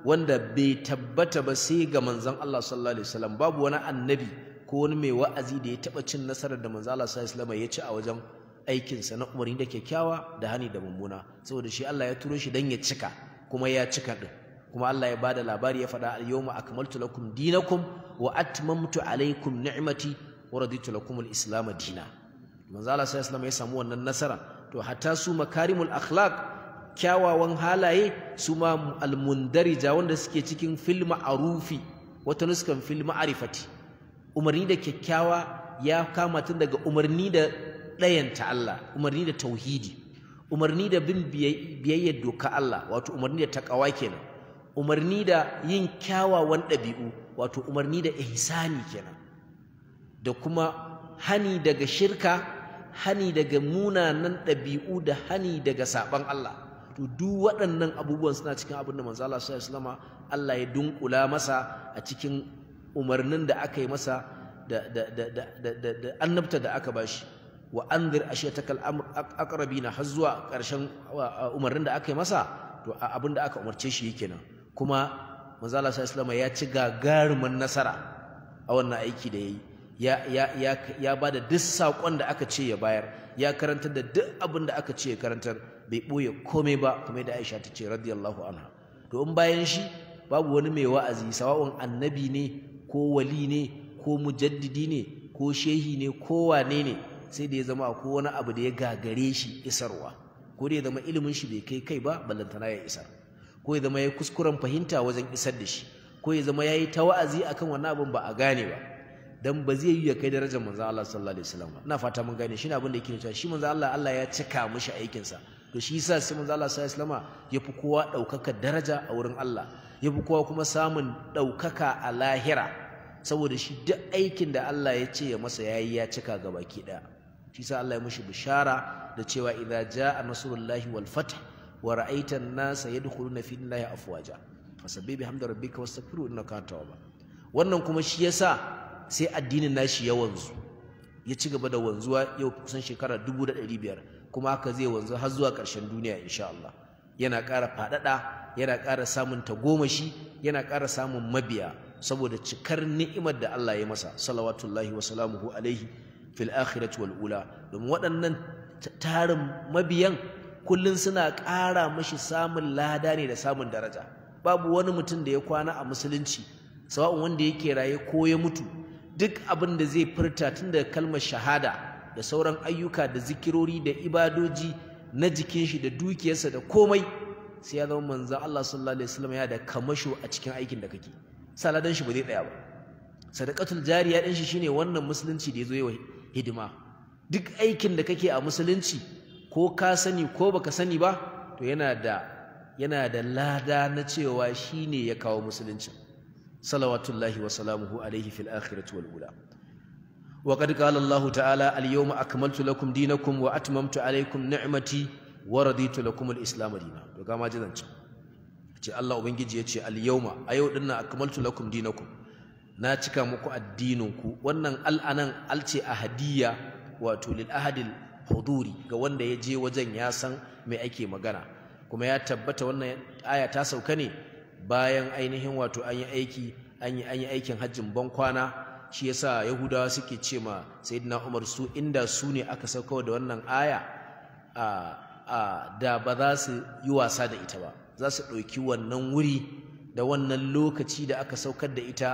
wanda bai tabbata ba sai ga manzan Allah sallallahu alaihi wasallam babu wani annabi ko wani mai wa'azi da ya taba cin nasarar da manzon Allah sallallahu alaihi wasallam ya ci a wajen aikinsa na umarni da kyakkyawa da hani da mummuna saboda shi Allah ya turo shi dan ya cika kuma ya cika din kuma Allah ya bada labari ya faɗa al-yawma akmaltu lakum dinakum wa atmamtu alaykum ni'mati wa raditu lakum al-islam dina manzo Allah sallallahu ya samu wannan nasara to hatta su makarimul akhlaq kyawawan halaye su ma almundarija wanda suke cikin fil ma'rufi wata nuskan fil ma'rifati umarni da kyakkyawa ya kama tun daga umarni da ɗayanta Allah umarni da tauhidi umarni da bin biyayyar doka Allah wato umarni da takawa kenan umarni da yin kyawawan ɗabi'u wato umarni da ihsani kenan da kuma hani daga shirka hani daga munanan ɗabi'u da hani daga saɓan Allah to duk waɗannan abubuwan suna cikin abin da manzo Allah sallallahu alaihi Allah ya dunkula masa a cikin umarnin da aka yi masa da annabta da aka bashi wa anzir ashiyatakal aqrabina har zuwa ƙarshen umarnin da aka yi masa to abin da aka umarce shi kenan kuma manzo Allah sallallahu alaihi ya ci gagarumin nasara a wannan aiki da yayi ya ba da duk saƙon da aka ce ya bayar ya karantar da duk abin da aka ce ya karantar bai ɓoye komai ba kuma da Aisha ta ce radiyallahu anha to in bayan shi babu wani mai wa'azi sawa'un annabi ne ko wali ne ko mujaddidi ne ko shehi ne ko wane ne sai da ya zama ko wani abu da ya gagare shi isarwa ko da ya zama ilimin shi bai kai kai ba ballantana ya isa ko ya zama ya kuskuren fahimta wajen isar da shi ko ya zama ya yi ta wa'azi akan wani abin ba a gane ba dan ba zai yi ya kai darajar manzo Allah sallallahu alaihi wasallam ina fata mun gani. shine abin da yake nufi shi manzo Allah Allah ya cika mishi aikin sa to shi sa sai manzo Allah sallallahu alaihi wasallam ya fi kowa daukaka daraja a wurin Allah ya fi kowa kuma samun ɗaukaka a lahira saboda shi duk aikin da Allah ya ce ya masa yayi ya cika ga baki daya shi yasa Allah ya mishi bishara da cewa idza jaa nasrullahi wal fath wa ra'aita an a yadkhuluna fi dinillahi afwaja fasabbih bihamdi rabbika wastaghfiru innaka ba. wannan kuma shi yasa sai addinin nashi ya wanzu ya ci gaba da wanzuwa yau kusan shekara dubu da ɗari biyar kuma haka zai wanzu har zuwa ƙarshen duniya insha Allah yana ƙara faɗaɗa yana ƙara samun tagomashi yana ƙara samun mabiya saboda cikar ni'imar da Allah ya masa salawatullahi wa salamuhu alaihi fil akhirati wal ula domin waɗannan tarin mabiyan kullun suna ƙara mashi samun lada ne da samun daraja babu wani mutum da ya kwana a musulunci sawa'un wanda yake raye ko ya mutu duk abin da zai furta tun da kalmar shahada da sauran ayyuka da zikirori da ibadoji na jikin shi da dukiyarsa da komai sai ya zama manzo Allah sallallahu alaihi wasallam ya da kamasho a cikin aikin da kake saladan shi ba zai tsaya ba sadaqatul jariya din shi shine wannan musulunci da yazo yayi hidima duk aikin da kake a musulunci ko ka sani ko baka sani ba to yana da yana da lada na cewa shine ya kawo musulunci salawatullahi wa salamuhu alaihi fil akhirati wal ula wa qad qala Allah ta'ala al yawma akmaltu lakum dinakum wa atmamtu alaykum ni'mati wa raditu lakum al islam dinan to ga ma jizanci ce Allah ubangiji ya ce al yawma a yau dinnan akmaltu lakum dinakum na cika muku addininku wannan al'anan al ce ahadiyya wato lil ahadil huduri ga wanda ya je wajen ya san me ake magana kuma ya tabbata wannan aya ta sauka ne bayan ainihin wato an yi aiki an yi aikin hajjin bankwana shi yasa yahudawa suke ce ma sayyidina umar su inda su ne aka sauka da wannan aya a da ba za su yi wasa da ita ba za su ɗauki wannan wuri da wannan lokaci da aka saukar da ita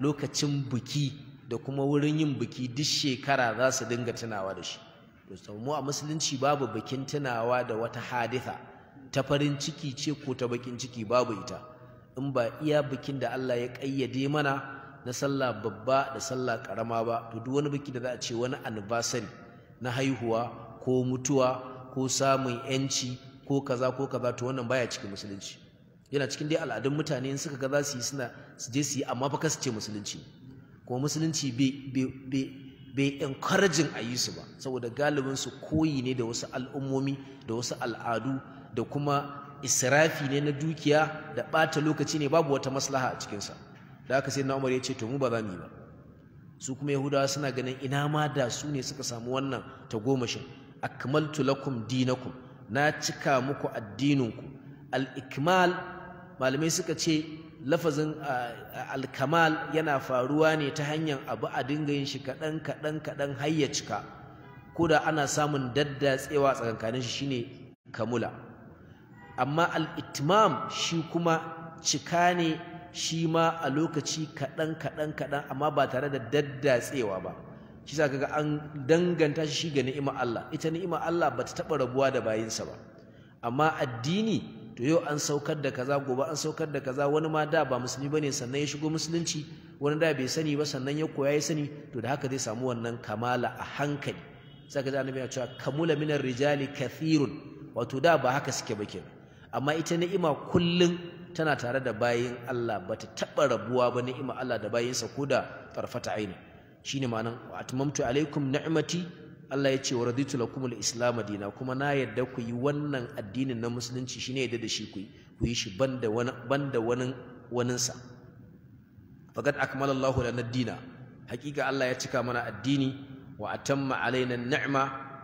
lokacin biki da kuma wurin yin biki duk shekara za su dinga tunawa da shi mu a musulunci babu bikin tunawa da wata haditha ta farin ciki ce ko ta bakin ciki babu ita in ba iya bikin da Allah ya ƙayyade mana na sallah babba da sallah ƙarama ba to duk wani biki da za a ce wani anniversary na haihuwa ko mutuwa ko samun yanci ko kaza ko kaza to wannan baya cikin musulunci yana cikin dai al'adun mutane in suka ga za su yi suna su je su yi amma fa su ce musulunci kuma musulunci bai encouraging a yi su ba saboda galibin su koyi ne da wasu al'ummomi da wasu al'adu da kuma israfi ne na dukiya da ɓata lokaci ne babu wata maslaha a cikinsa da haka sai na umar ya ce to mu ba za mu yi ba su kuma yahudawa suna ganin ina ma da su ne suka samu wannan tagomashin akmaltu lakum dinakum na cika muku addininku al-ikmal malamai suka ce lafazin al-kamal yana faruwa ne ta hanyar abu a dinga yin shi kaɗan kaɗan kaɗan har ya cika ko da ana samun daddatsewa tsakankanin shi shine kamula amma al shi kuma cika ne shi ma a lokaci kaɗan kaɗan kaɗan amma ba tare da daddatsewa ba shi sa kaga an danganta shi ga ni'ima Allah ita ni'ima Allah ba ta taɓa rabuwa da bayinsa ba amma addini to yau an saukar da kaza gobe an saukar da kaza wani ma da ba musulmi bane sannan ya shigo musulunci wani da bai sani ba sannan ya koya ya sani to da haka zai samu wannan kamala a hankali sai ka ji annabi ya cewa kamula minar rijali kathirun wato da ba haka suke ba kenan amma ita ni'ima kullum tana tare da bayin Allah bata taɓa rabuwa ba ni'ima Allah da bayinsa ko da tarfata aini shine ma'anan atmamtu alaikum ni'mati Allah ya ce wa raditu lakum al-islam dina kuma na yadda ku yi wannan addinin na musulunci shine yadda da shi ku yi ku yi shi banda wani banda wani sa. faqad akmala Allahu lana dina haqiqa Allah ya cika mana addini wa atamma alaina ni'ma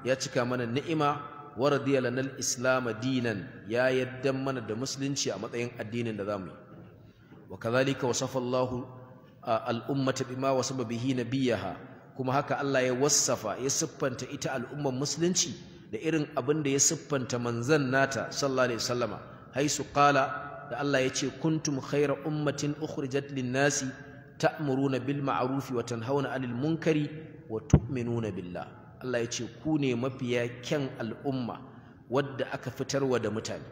ya cika mana ni'ima wa radiya lana islam dinan ya yadda mana da musulunci a matsayin addinin da zamu yi wa kadhalika wasafa Allah al-ummata bima wasaba bihi nabiyaha kuma haka Allah ya wasafa ya siffanta ita al'ummar musulunci da irin abin da ya siffanta manzon nata sallallahu alaihi wasallama haisu qala da Allah ya ce kuntum khayra ummatin ukhrijat lin-nasi ta'muruna bil ma'rufi wa tanhauna 'anil munkari wa tu'minuna billah Allah ya ce ku ne mafiya kyan al'umma wadda aka fitarwa da mutane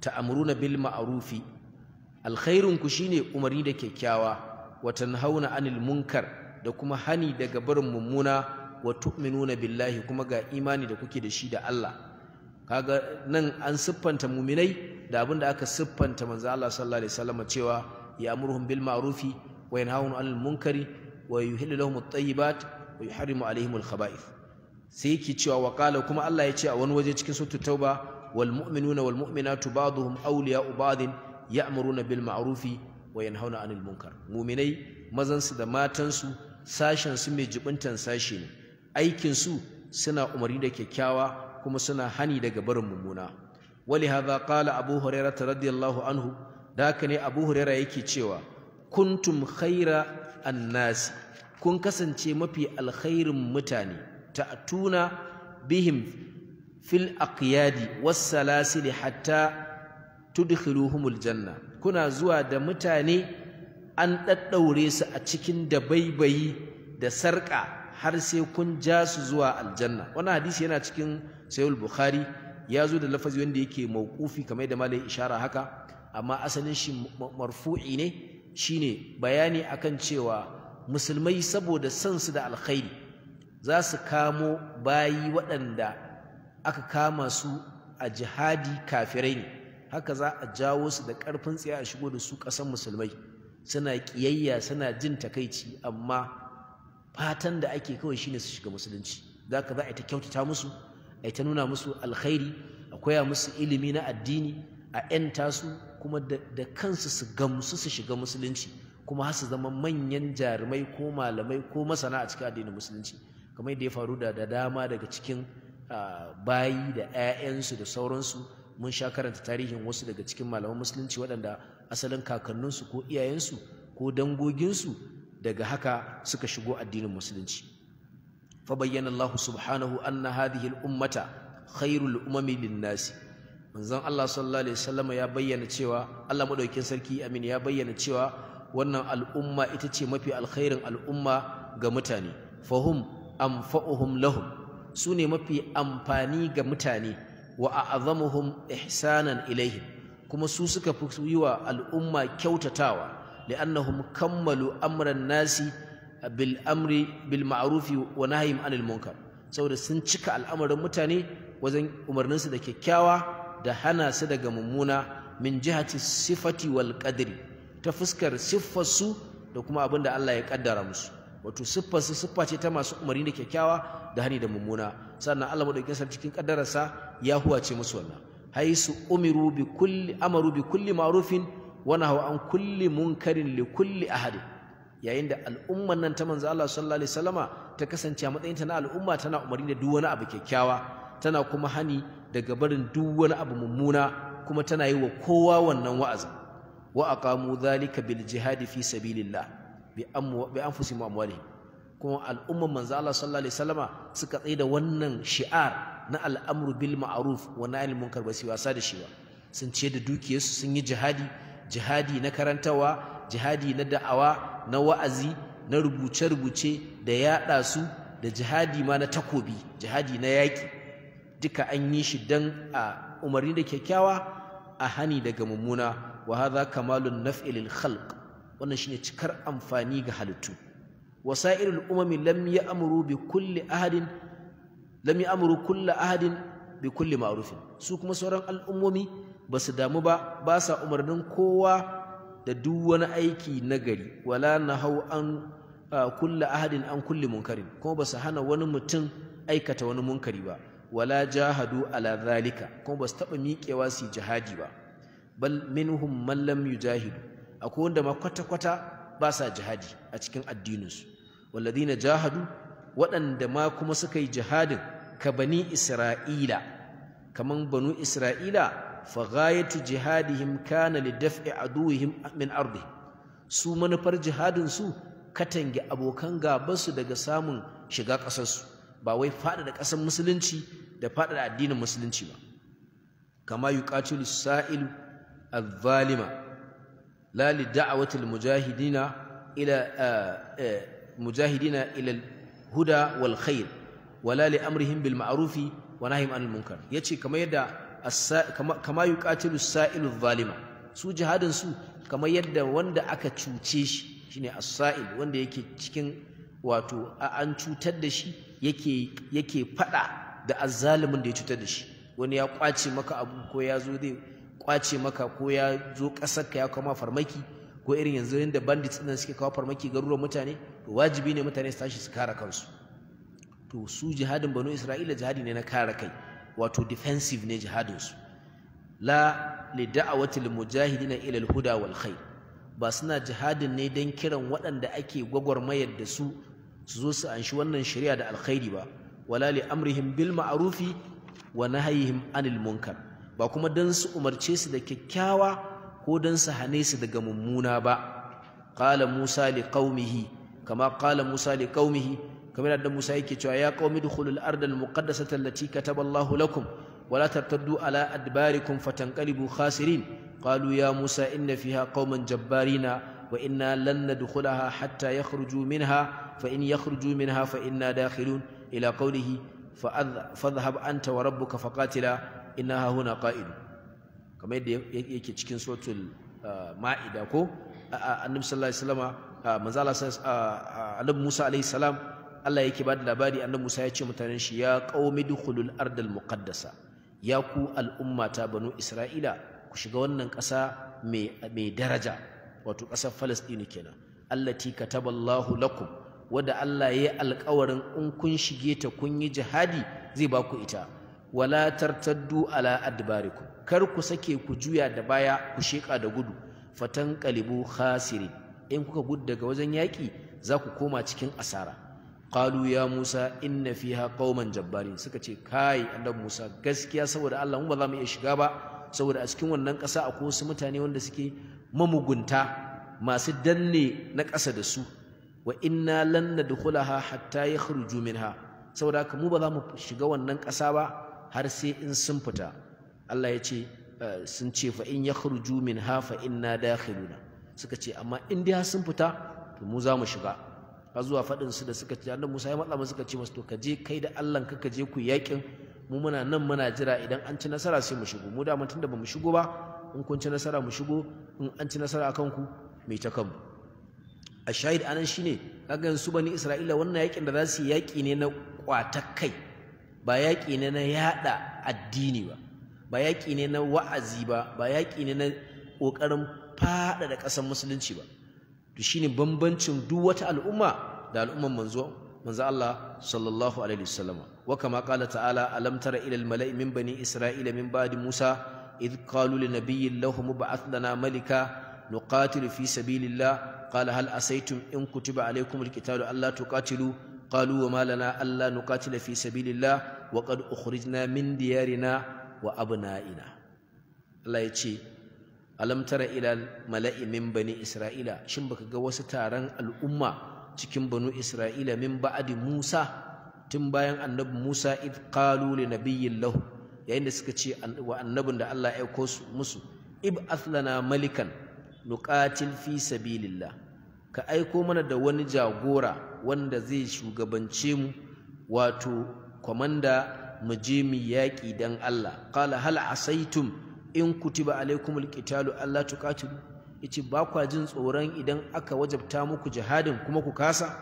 ta'amuruna bil ma'arufi alkhairun ku shine umarni da kyakkyawa wata hauna anil munkar da kuma hani daga barin mummuna wa tu'minuna billahi kuma ga imani da kuke da shi da Allah kaga nan an siffanta muminai da abin da aka siffanta manzo Allah sallallahu alaihi wasallam cewa ya'muruhum bil ma'rufi wa yanhauna anil munkari wa yuhillu lahum at-tayyibat wa yuharrimu alaihim al-khaba'ith sai yake cewa wa kuma Allah ya ce a wani waje cikin suratul tauba wal mu'minuna wal mu'minatu ba'dhum awliya'u ba'din ya'muruna bil ma'arufi wa yanhauna 'anil munkar mu'minai mazan su da matan su sashen su mai jibintan sashe ne aikin su suna umarni da kyakkyawa kuma suna hani daga barin mummuna wali hadha qala abu hurairah radiyallahu anhu da haka ne abu hurairah yake cewa kuntum khaira annasi kun kasance mafi alkhairin mutane ta'tuna bihim fil aqyadi was salasil hatta tudkhiluhumul janna kuna zuwa da mutane an daddaure su a cikin dabaibayi da sarka har sai kun ja su zuwa aljanna wannan hadisi yana cikin sahih bukhari ya zo da lafazi wanda yake mauqufi kamar da malai ishara haka amma asalin shi marfu'i ne shine bayani akan cewa musulmai saboda son su da alkhairi za su kamo bayi waɗanda aka kama su a jihadi kafirai ne haka za a jawo su da ƙarfin tsaye a shigo da su ƙasan musulmai suna ƙiyayya suna jin takaici amma fatan da ake kawai shine su shiga musulunci za ka za a yi ta kyautata musu a yi ta nuna musu alkhairi a koya musu ilimi na addini a 'yanta su kuma da kansu su gamsu su shiga musulunci kuma hasu su zama manyan jarumai ko malamai ko masana a cikin addinin musulunci kamar yadda ya faru da dama daga cikin bayi da 'ya'yansu da sauransu mun sha karanta tarihin wasu daga cikin malaman musulunci waɗanda asalin kakanninsu ko iyayensu ko dangoginsu daga haka suka shigo addinin musulunci fa bayyana Allah subhanahu anna hadhihi al-ummata khairul umami lin-nasi manzon Allah sallallahu alaihi wasallam ya bayyana cewa Allah Madaukin sarki amin ya bayyana cewa wannan al'umma ita ce mafi alkhairin al'umma ga mutane fahum amfa'uhum lahum su ne mafi amfani ga mutane wa a'zamuhum ihsanan ilaihim kuma su suka fi yi wa al'umma kyautatawa li'annahum kammalu amran nasi bil amri bil ma'rufi wa nahyim anil munkar saboda sun cika al'amarin mutane wajen umarninsu da kyakkyawa da hana su daga mummuna min jihati sifati wal qadri ta fuskar siffarsu da kuma abin da Allah ya kaddara musu wato siffarsu siffa ce ta masu umarni da kyakkyawa da hani da mummuna sannan Allah madaukakin sa cikin kaddararsa ya huwace musu wannan haisu umiru bi kulli amaru bi kulli ma'rufin wa an kulli munkarin li kulli ahad yayin da al'umman nan ta manzo Allah sallallahu alaihi wasallama ta kasance a matsayin ta na al'umma tana umarni da duk wani abu kyakkyawa tana kuma hani daga barin duk wani abu mummuna kuma tana yi wa kowa wannan wa'azin wa aqamu zalika bil jihadi fi sabilillah bi amwa bi anfusihim wa kuma al'umman manzo Allah sallallahu alaihi wasallama suka tsaye da wannan shi'ar na al'amru bil ma'ruf wa nahyi munkar ba wasa da shi ba sun ce da dukiyarsu sun yi jihadi jihadi na karantawa jihadi na da'awa na wa'azi na rubuce-rubuce da yaɗa su da jihadi ma na takobi jihadi na yaƙi duka an yi shi dan a umarni da kyakkyawa a hani daga mummuna wa hadha kamalun naf'i lil khalq wannan shine cikar amfani ga halittu wasairul umami lam ya'muru bi kulli ahadin lam ya'muru su kuma sauran al'ummomi ba su damu ba ba sa umarnin kowa da duk wani aiki nagari wala nahau an kulli ahadin an kulle munkari. kuma ba su hana wani mutum aikata wani munkari ba wala jahadu ala zalika kuma ba su taɓa miƙewa su jihadi ba bal minhum man lam yujahidu akwai wanda ma kwata kwata ba sa jihadi a cikin addininsu walladina jahadu waɗanda ma kuma suka yi jihadin ka bani isra'ila kaman banu isra'ila fa ghayatu jihadihim kana lidaf'i daf'i aduwihim min ardi su manufar jihadin su katange abokan su daga samun shiga su. ba wai da ƙasar musulunci da da addinin musulunci ba kama yuqatilu sa'ilu الظالمة لا لدعوة المجاهدين إلى مجاهدين إلى الهدى والخير ولا لأمرهم بالمعروف ونهيهم عن المنكر يتشي كما يدع كما يقاتل السائل الظالمة su jihadin su kamar yadda wanda aka cuce shi shine as-sa'il wanda yake cikin wato an cutar da shi yake faɗa da azzalimin da ya cutar da shi wani ya kwace maka abu ko ya zo dai? kwace maka ko ya zo ƙasar ka ya kama farmaki ko irin yanzu da bandits ɗin suke kawo farmaki garuruwan mutane to wajibi ne mutane su tashi su kare kansu to su jihadin banu isra'ila jihadi ne na kare kai wato defensive ne jihadin su la li da'awati mujahidina ila al-huda wal khair ba suna jihadin ne dan kiran waɗanda ake gwagwarmayar da su su zo su anshi wannan shari'a da alkhairi ba wala li amrihim bil ma'rufi wa nahyihim anil munkar ba kuma don su umarce su da kyakkyawa ko don su hane su daga mummuna ba qala musa li qaumihi kama qala musa li qaumihi kamar da musa yake cewa ya qaumi dukhulul arda al muqaddasata allati kataballahu lakum wala tartaddu ala adbarikum fatanqalibu khasirin qalu ya musa inna fiha qauman jabbarina wa inna lan nadkhulaha hatta yakhruju minha fa in yakhruju minha fa inna dakhilun ila qawlihi فاذهب أنت وربك فقاتلا inna ha huna qa'idu kamar yadda yake cikin suratul uh, ma'ida ko annabi sallallahu alaihi wasallam uh, manzo Allah uh, annabi Musa alaihi salam Allah yake ba da labari annabi Musa ya ce mutanen shi ya qaumi dukhulul ardal muqaddasa ya ku al'umma ta banu Isra'ila ku shiga wannan ƙasa mai daraja wato ƙasar Falastini kenan allati kataballahu lakum wadda Allah ya yi alƙawarin in kun shige ta kun yi jihadi zai ba ku ita wala tartaddu ala adbarikum kar ku sake ku juya da baya ku sheka da gudu fatan qalibu khasiri in kuka gudu daga wajen yaki za ku koma cikin asara qalu ya musa inna fiha qauman jabbarin suka ce kai annabi musa gaskiya saboda Allah mu ba za mu iya shiga ba saboda a cikin wannan ƙasa akwai wasu mutane wanda suke mamugunta masu danne na ƙasa da su wa inna lan nadkhulaha hatta yakhruju minha saboda haka mu ba za mu shiga wannan ƙasa ba har sai in sun fita Allah ya ce eh, sun ce fa in yakhruju minha fa inna dakhiluna suka ce amma in dai sun fita to mu za mu shiga har zuwa faɗin su da suka ce annabi Musa ya matsa mu suka ce masu to ka je kai da Allah ka je ku yakin mu muna nan muna jira idan an ci nasara sai mu shigo mu da mun tunda bamu shigo ba in kun ci nasara mu shigo in an ci nasara akan ku mai ta kanmu a shahid anan shine kaga su bani Isra'ila wannan yakin da za su yaki ne na kwatakai kai ba yaƙi ne na yaɗa addini ba ba yaƙi ne na wa'azi ba ba yaƙi ne na ƙoƙarin faɗaɗa ƙasar musulunci ba to shine bambancin duk wata al'umma da al'umman manzo manzo Allah sallallahu alaihi wasallam wa kama qala ta'ala alam tara ila al mala'i min bani isra'ila min ba'di musa id qalu li nabiyyin lahum ba'ath lana malika nuqatilu fi sabilillah qala hal asaytum in kutiba alaykum al qitalu alla tuqatilu قالوا وما لنا ألا نقاتل في سبيل الله وقد أخرجنا من ديارنا وأبنائنا الله يتشي ألم تر إلى الملأ من بني إسرائيل شنبك جوس تارن الأمة تكن بنو إسرائيل من بعد موسى تنباين النبي موسى إذ قالوا لنبي له yayin da suka ce wa annabin da Allah ya aiko musu ib'ath lana malikan nuqatil fi sabilillah ka aiko mana da wani jagora wanda zai shugabance mu wato kwamanda mu je mu yaƙi dan Allah qala hal asaitum in kutiba alaikumul qitalu alla tuqatilu yace ba kwa jin tsoron idan aka wajabta muku jihadin kuma ku kasa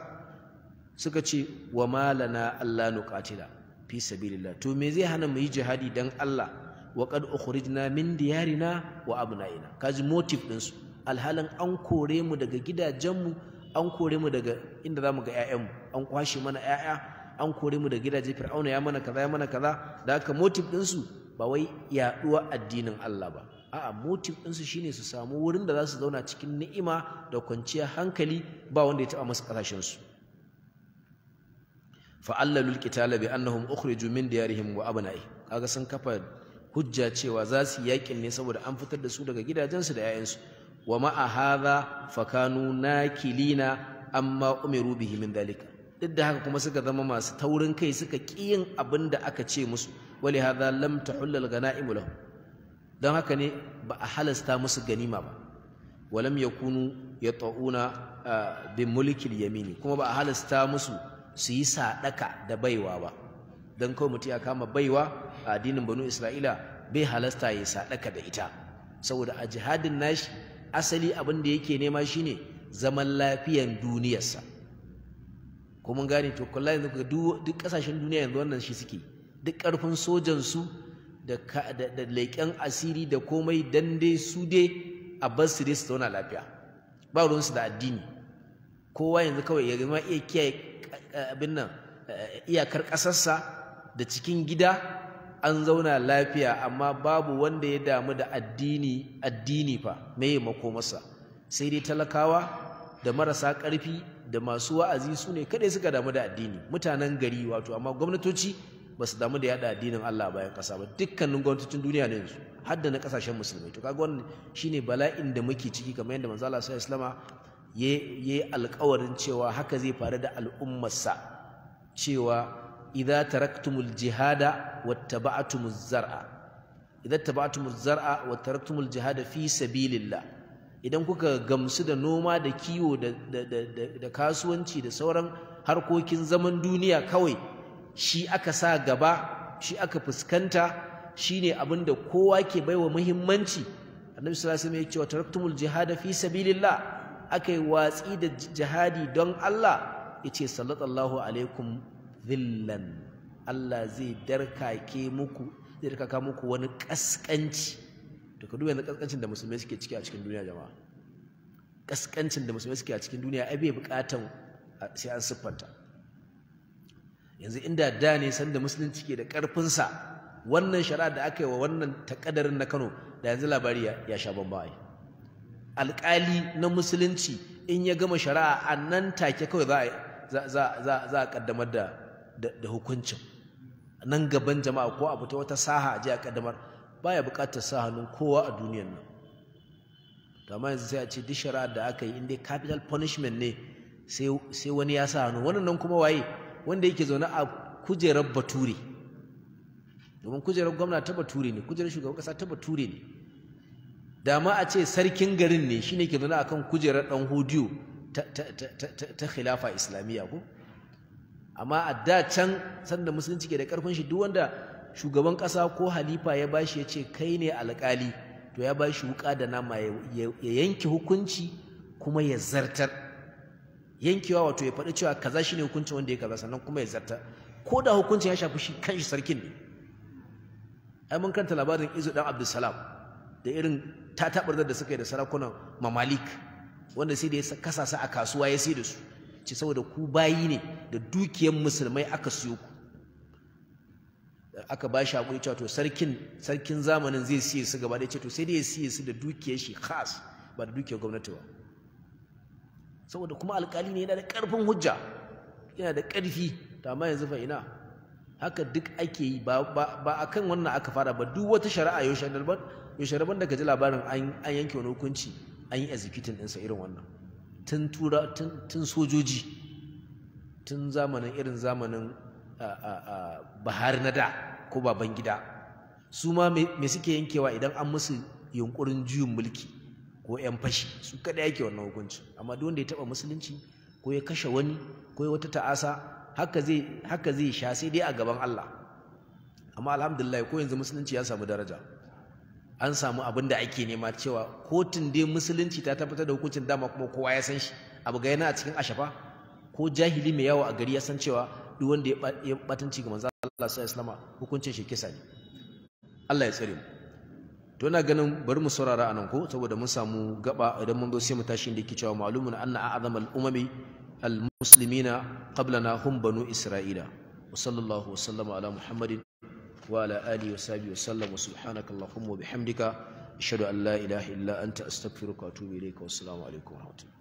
suka ce wa malana alla nuqatila fi sabilillah to me zai hana mu yi jihadi dan Allah wa qad ukhrijna min diyarina wa abnaina kaji motive ɗinsu alhalin an kore mu daga gidajenmu an kore mu daga inda za mu ga 'ya'yanmu an kwashe mana 'ya'ya an kore mu daga gidajen fir'auna ya mana kaza ya mana kaza da haka motif ɗinsu ba wai yaɗuwa addinin Allah ba a'a motif ɗinsu shine su samu wurin da za su zauna cikin ni'ima da kwanciyar hankali ba wanda ya taɓa masu ƙasashensu fa'allalul qitala bi annahum ukhriju min diyarihim wa abna'i kaga sun kafa hujja cewa za su yakin ne saboda an fitar da su daga gidajensu da 'ya'yansu wa ma'a hadha fakanu nakilina amma umiru bihi min dalika duk da haka kuma suka zama masu taurin kai suka ki yin abin da aka ce musu wali hadha lam tahulla al-ghanaim lahum dan haka ne ba a halasta musu ganima ba walam yakunu yata'una bi mulkil yamini kuma ba a halasta musu su yi sadaka da baiwa ba dan kawai mutum ya kama baiwa a addinin banu isra'ila bai halasta ya sadaka da ita saboda a jihadin nashi asali abin da yake nema shine zaman lafiyan duniyarsa ko mun gane to kullai yanzu duk kasashen duniya yanzu wannan shi suke duk karfin sojansu su da leƙen asiri da komai dan dai su dai a basu su dai su zauna lafiya ba ruwan da addini kowa yanzu kawai ya zama iya kiyaye eh, abin nan eh, iyakar ƙasarsa da cikin gida an zauna lafiya amma babu wanda ya damu da addini addini fa mako masa sai dai talakawa da marasa ƙarfi da masu wa'azi su ne kaɗai suka damu da addini mutanen gari wato amma gwamnatoci ba su damu da yaɗa addinin Allah bayan ƙasa ba dukkanin gwamnatocin duniya ne yanzu har na kasashen musulmai to kaga wannan shine bala'in da muke ciki kamar yadda manzo Allah sallallahu alaihi ya yi alƙawarin cewa haka zai faru da al'ummarsa cewa idza taraktumul jihada wattaba'tumuz zar'a idza taba'tumuz zar'a wa jihada fi sabilillah idan kuka gamsu da noma da kiwo da da kasuwanci da sauran harkokin zaman duniya kawai shi aka sa gaba shi aka fuskanta shine abin da kowa ke baiwa muhimmanci annabi sallallahu alaihi wasallam ya ce wa taraktumul jihada fi sabilillah akai watsi da jihadi don Allah yace sallallahu alaikum dhillan Allah zai darkake muku zai darkaka muku wani kaskanci to ka duba kaskancin da musulmai suke ciki a cikin duniya jama'a kaskancin da musulmai suke a cikin duniya ai bai bukatan sai an siffanta yanzu inda da ne sanda musulunci ke da karfin sa wannan shari'a da aka yi wa wannan takadarin na Kano da yanzu labari ya sha bamba ai alƙali na musulunci in ya gama shari'a a nan take kawai za a za a kaddamar da da hukuncin nan gaban jama'a ko a fita wata saha a ji a kaddamar baya buƙatar sa hannun kowa a duniyar nan to amma yanzu sai a ce dishara da aka yi in dai capital punishment ne sai wani ya sa hannu wannan nan kuma waye wanda yake zaune a kujerar bature domin kujerar gwamna ta bature ne kujerar shugaban kasa ta bature ne da ma a ce sarkin garin ne shine ke zaune akan kujerar dan hodiyo ta khilafa islamiyya ko amma a da can sanda musulunci ke da karfin shi duk wanda shugaban kasa ko halifa ya bashi ya ce kai ne alkali to ya bashi wuka da nama ya yanke hukunci kuma ya zartar yankewa wato ya faɗi cewa kaza shine hukuncin wanda ya kaza sannan kuma ya zartar ko da hukuncin ya shafi shi kanshi sarkin ne ai mun kanta labarin izo dan abdulsalam da irin tatabarzar da suka yi da sarakunan mamalik wanda sai da ya kasasa a kasuwa ya sai da su ce saboda ku bayi ne da dukiyar musulmai aka siyo ku aka ba shi haƙuri cewa to sarkin zamanin zai siye su gaba da ce to sai dai ya siye su da dukiyar shi khas ba da dukiyar gwamnati ba saboda kuma alkali ne yana da karfin hujja yana da karfi to amma yanzu fa ina haka duk ake yi ba a akan wannan aka fara ba duk wata shari'a yau shari'a ban da ka ji labarin an yanke wani hukunci an yi executing ɗinsa irin wannan tun sojoji tun zamanin irin zamanin bahar na da ko baban gida su ma me suke yankewa idan an musu yunkurin juyin mulki ko 'yan fashi su kada yake wannan hukuncin amma duk wanda ya taba musulunci ko ya kashe wani ko ya wata ta'asa haka zai haka zai sha sai dai a gaban Allah amma alhamdulillah ko yanzu musulunci ya samu daraja an samu abin da ake nema cewa kotun dai musulunci ta tabbatar da hukuncin dama kuma kowa ya san shi abu ga yana a cikin ashafa ko jahili mai yawa a gari ya san cewa duk wanda ya batunci ga manzo Allah sallallahu alaihi hukuncin shi kisa ne Allah ya tsare mu to ina ganin bari mu saurara anan ko saboda mun samu gaba idan mun zo sai mu tashi inda yake cewa malumun anna al umami al-muslimina qablana hum banu isra'ila wa sallallahu wa sallama ala muhammadin وعلى آله وصحبه وسلم وسبحانك اللهم وبحمدك أشهد أن لا إله إلا أنت أستغفرك وأتوب إليك والسلام عليكم ورحمة الله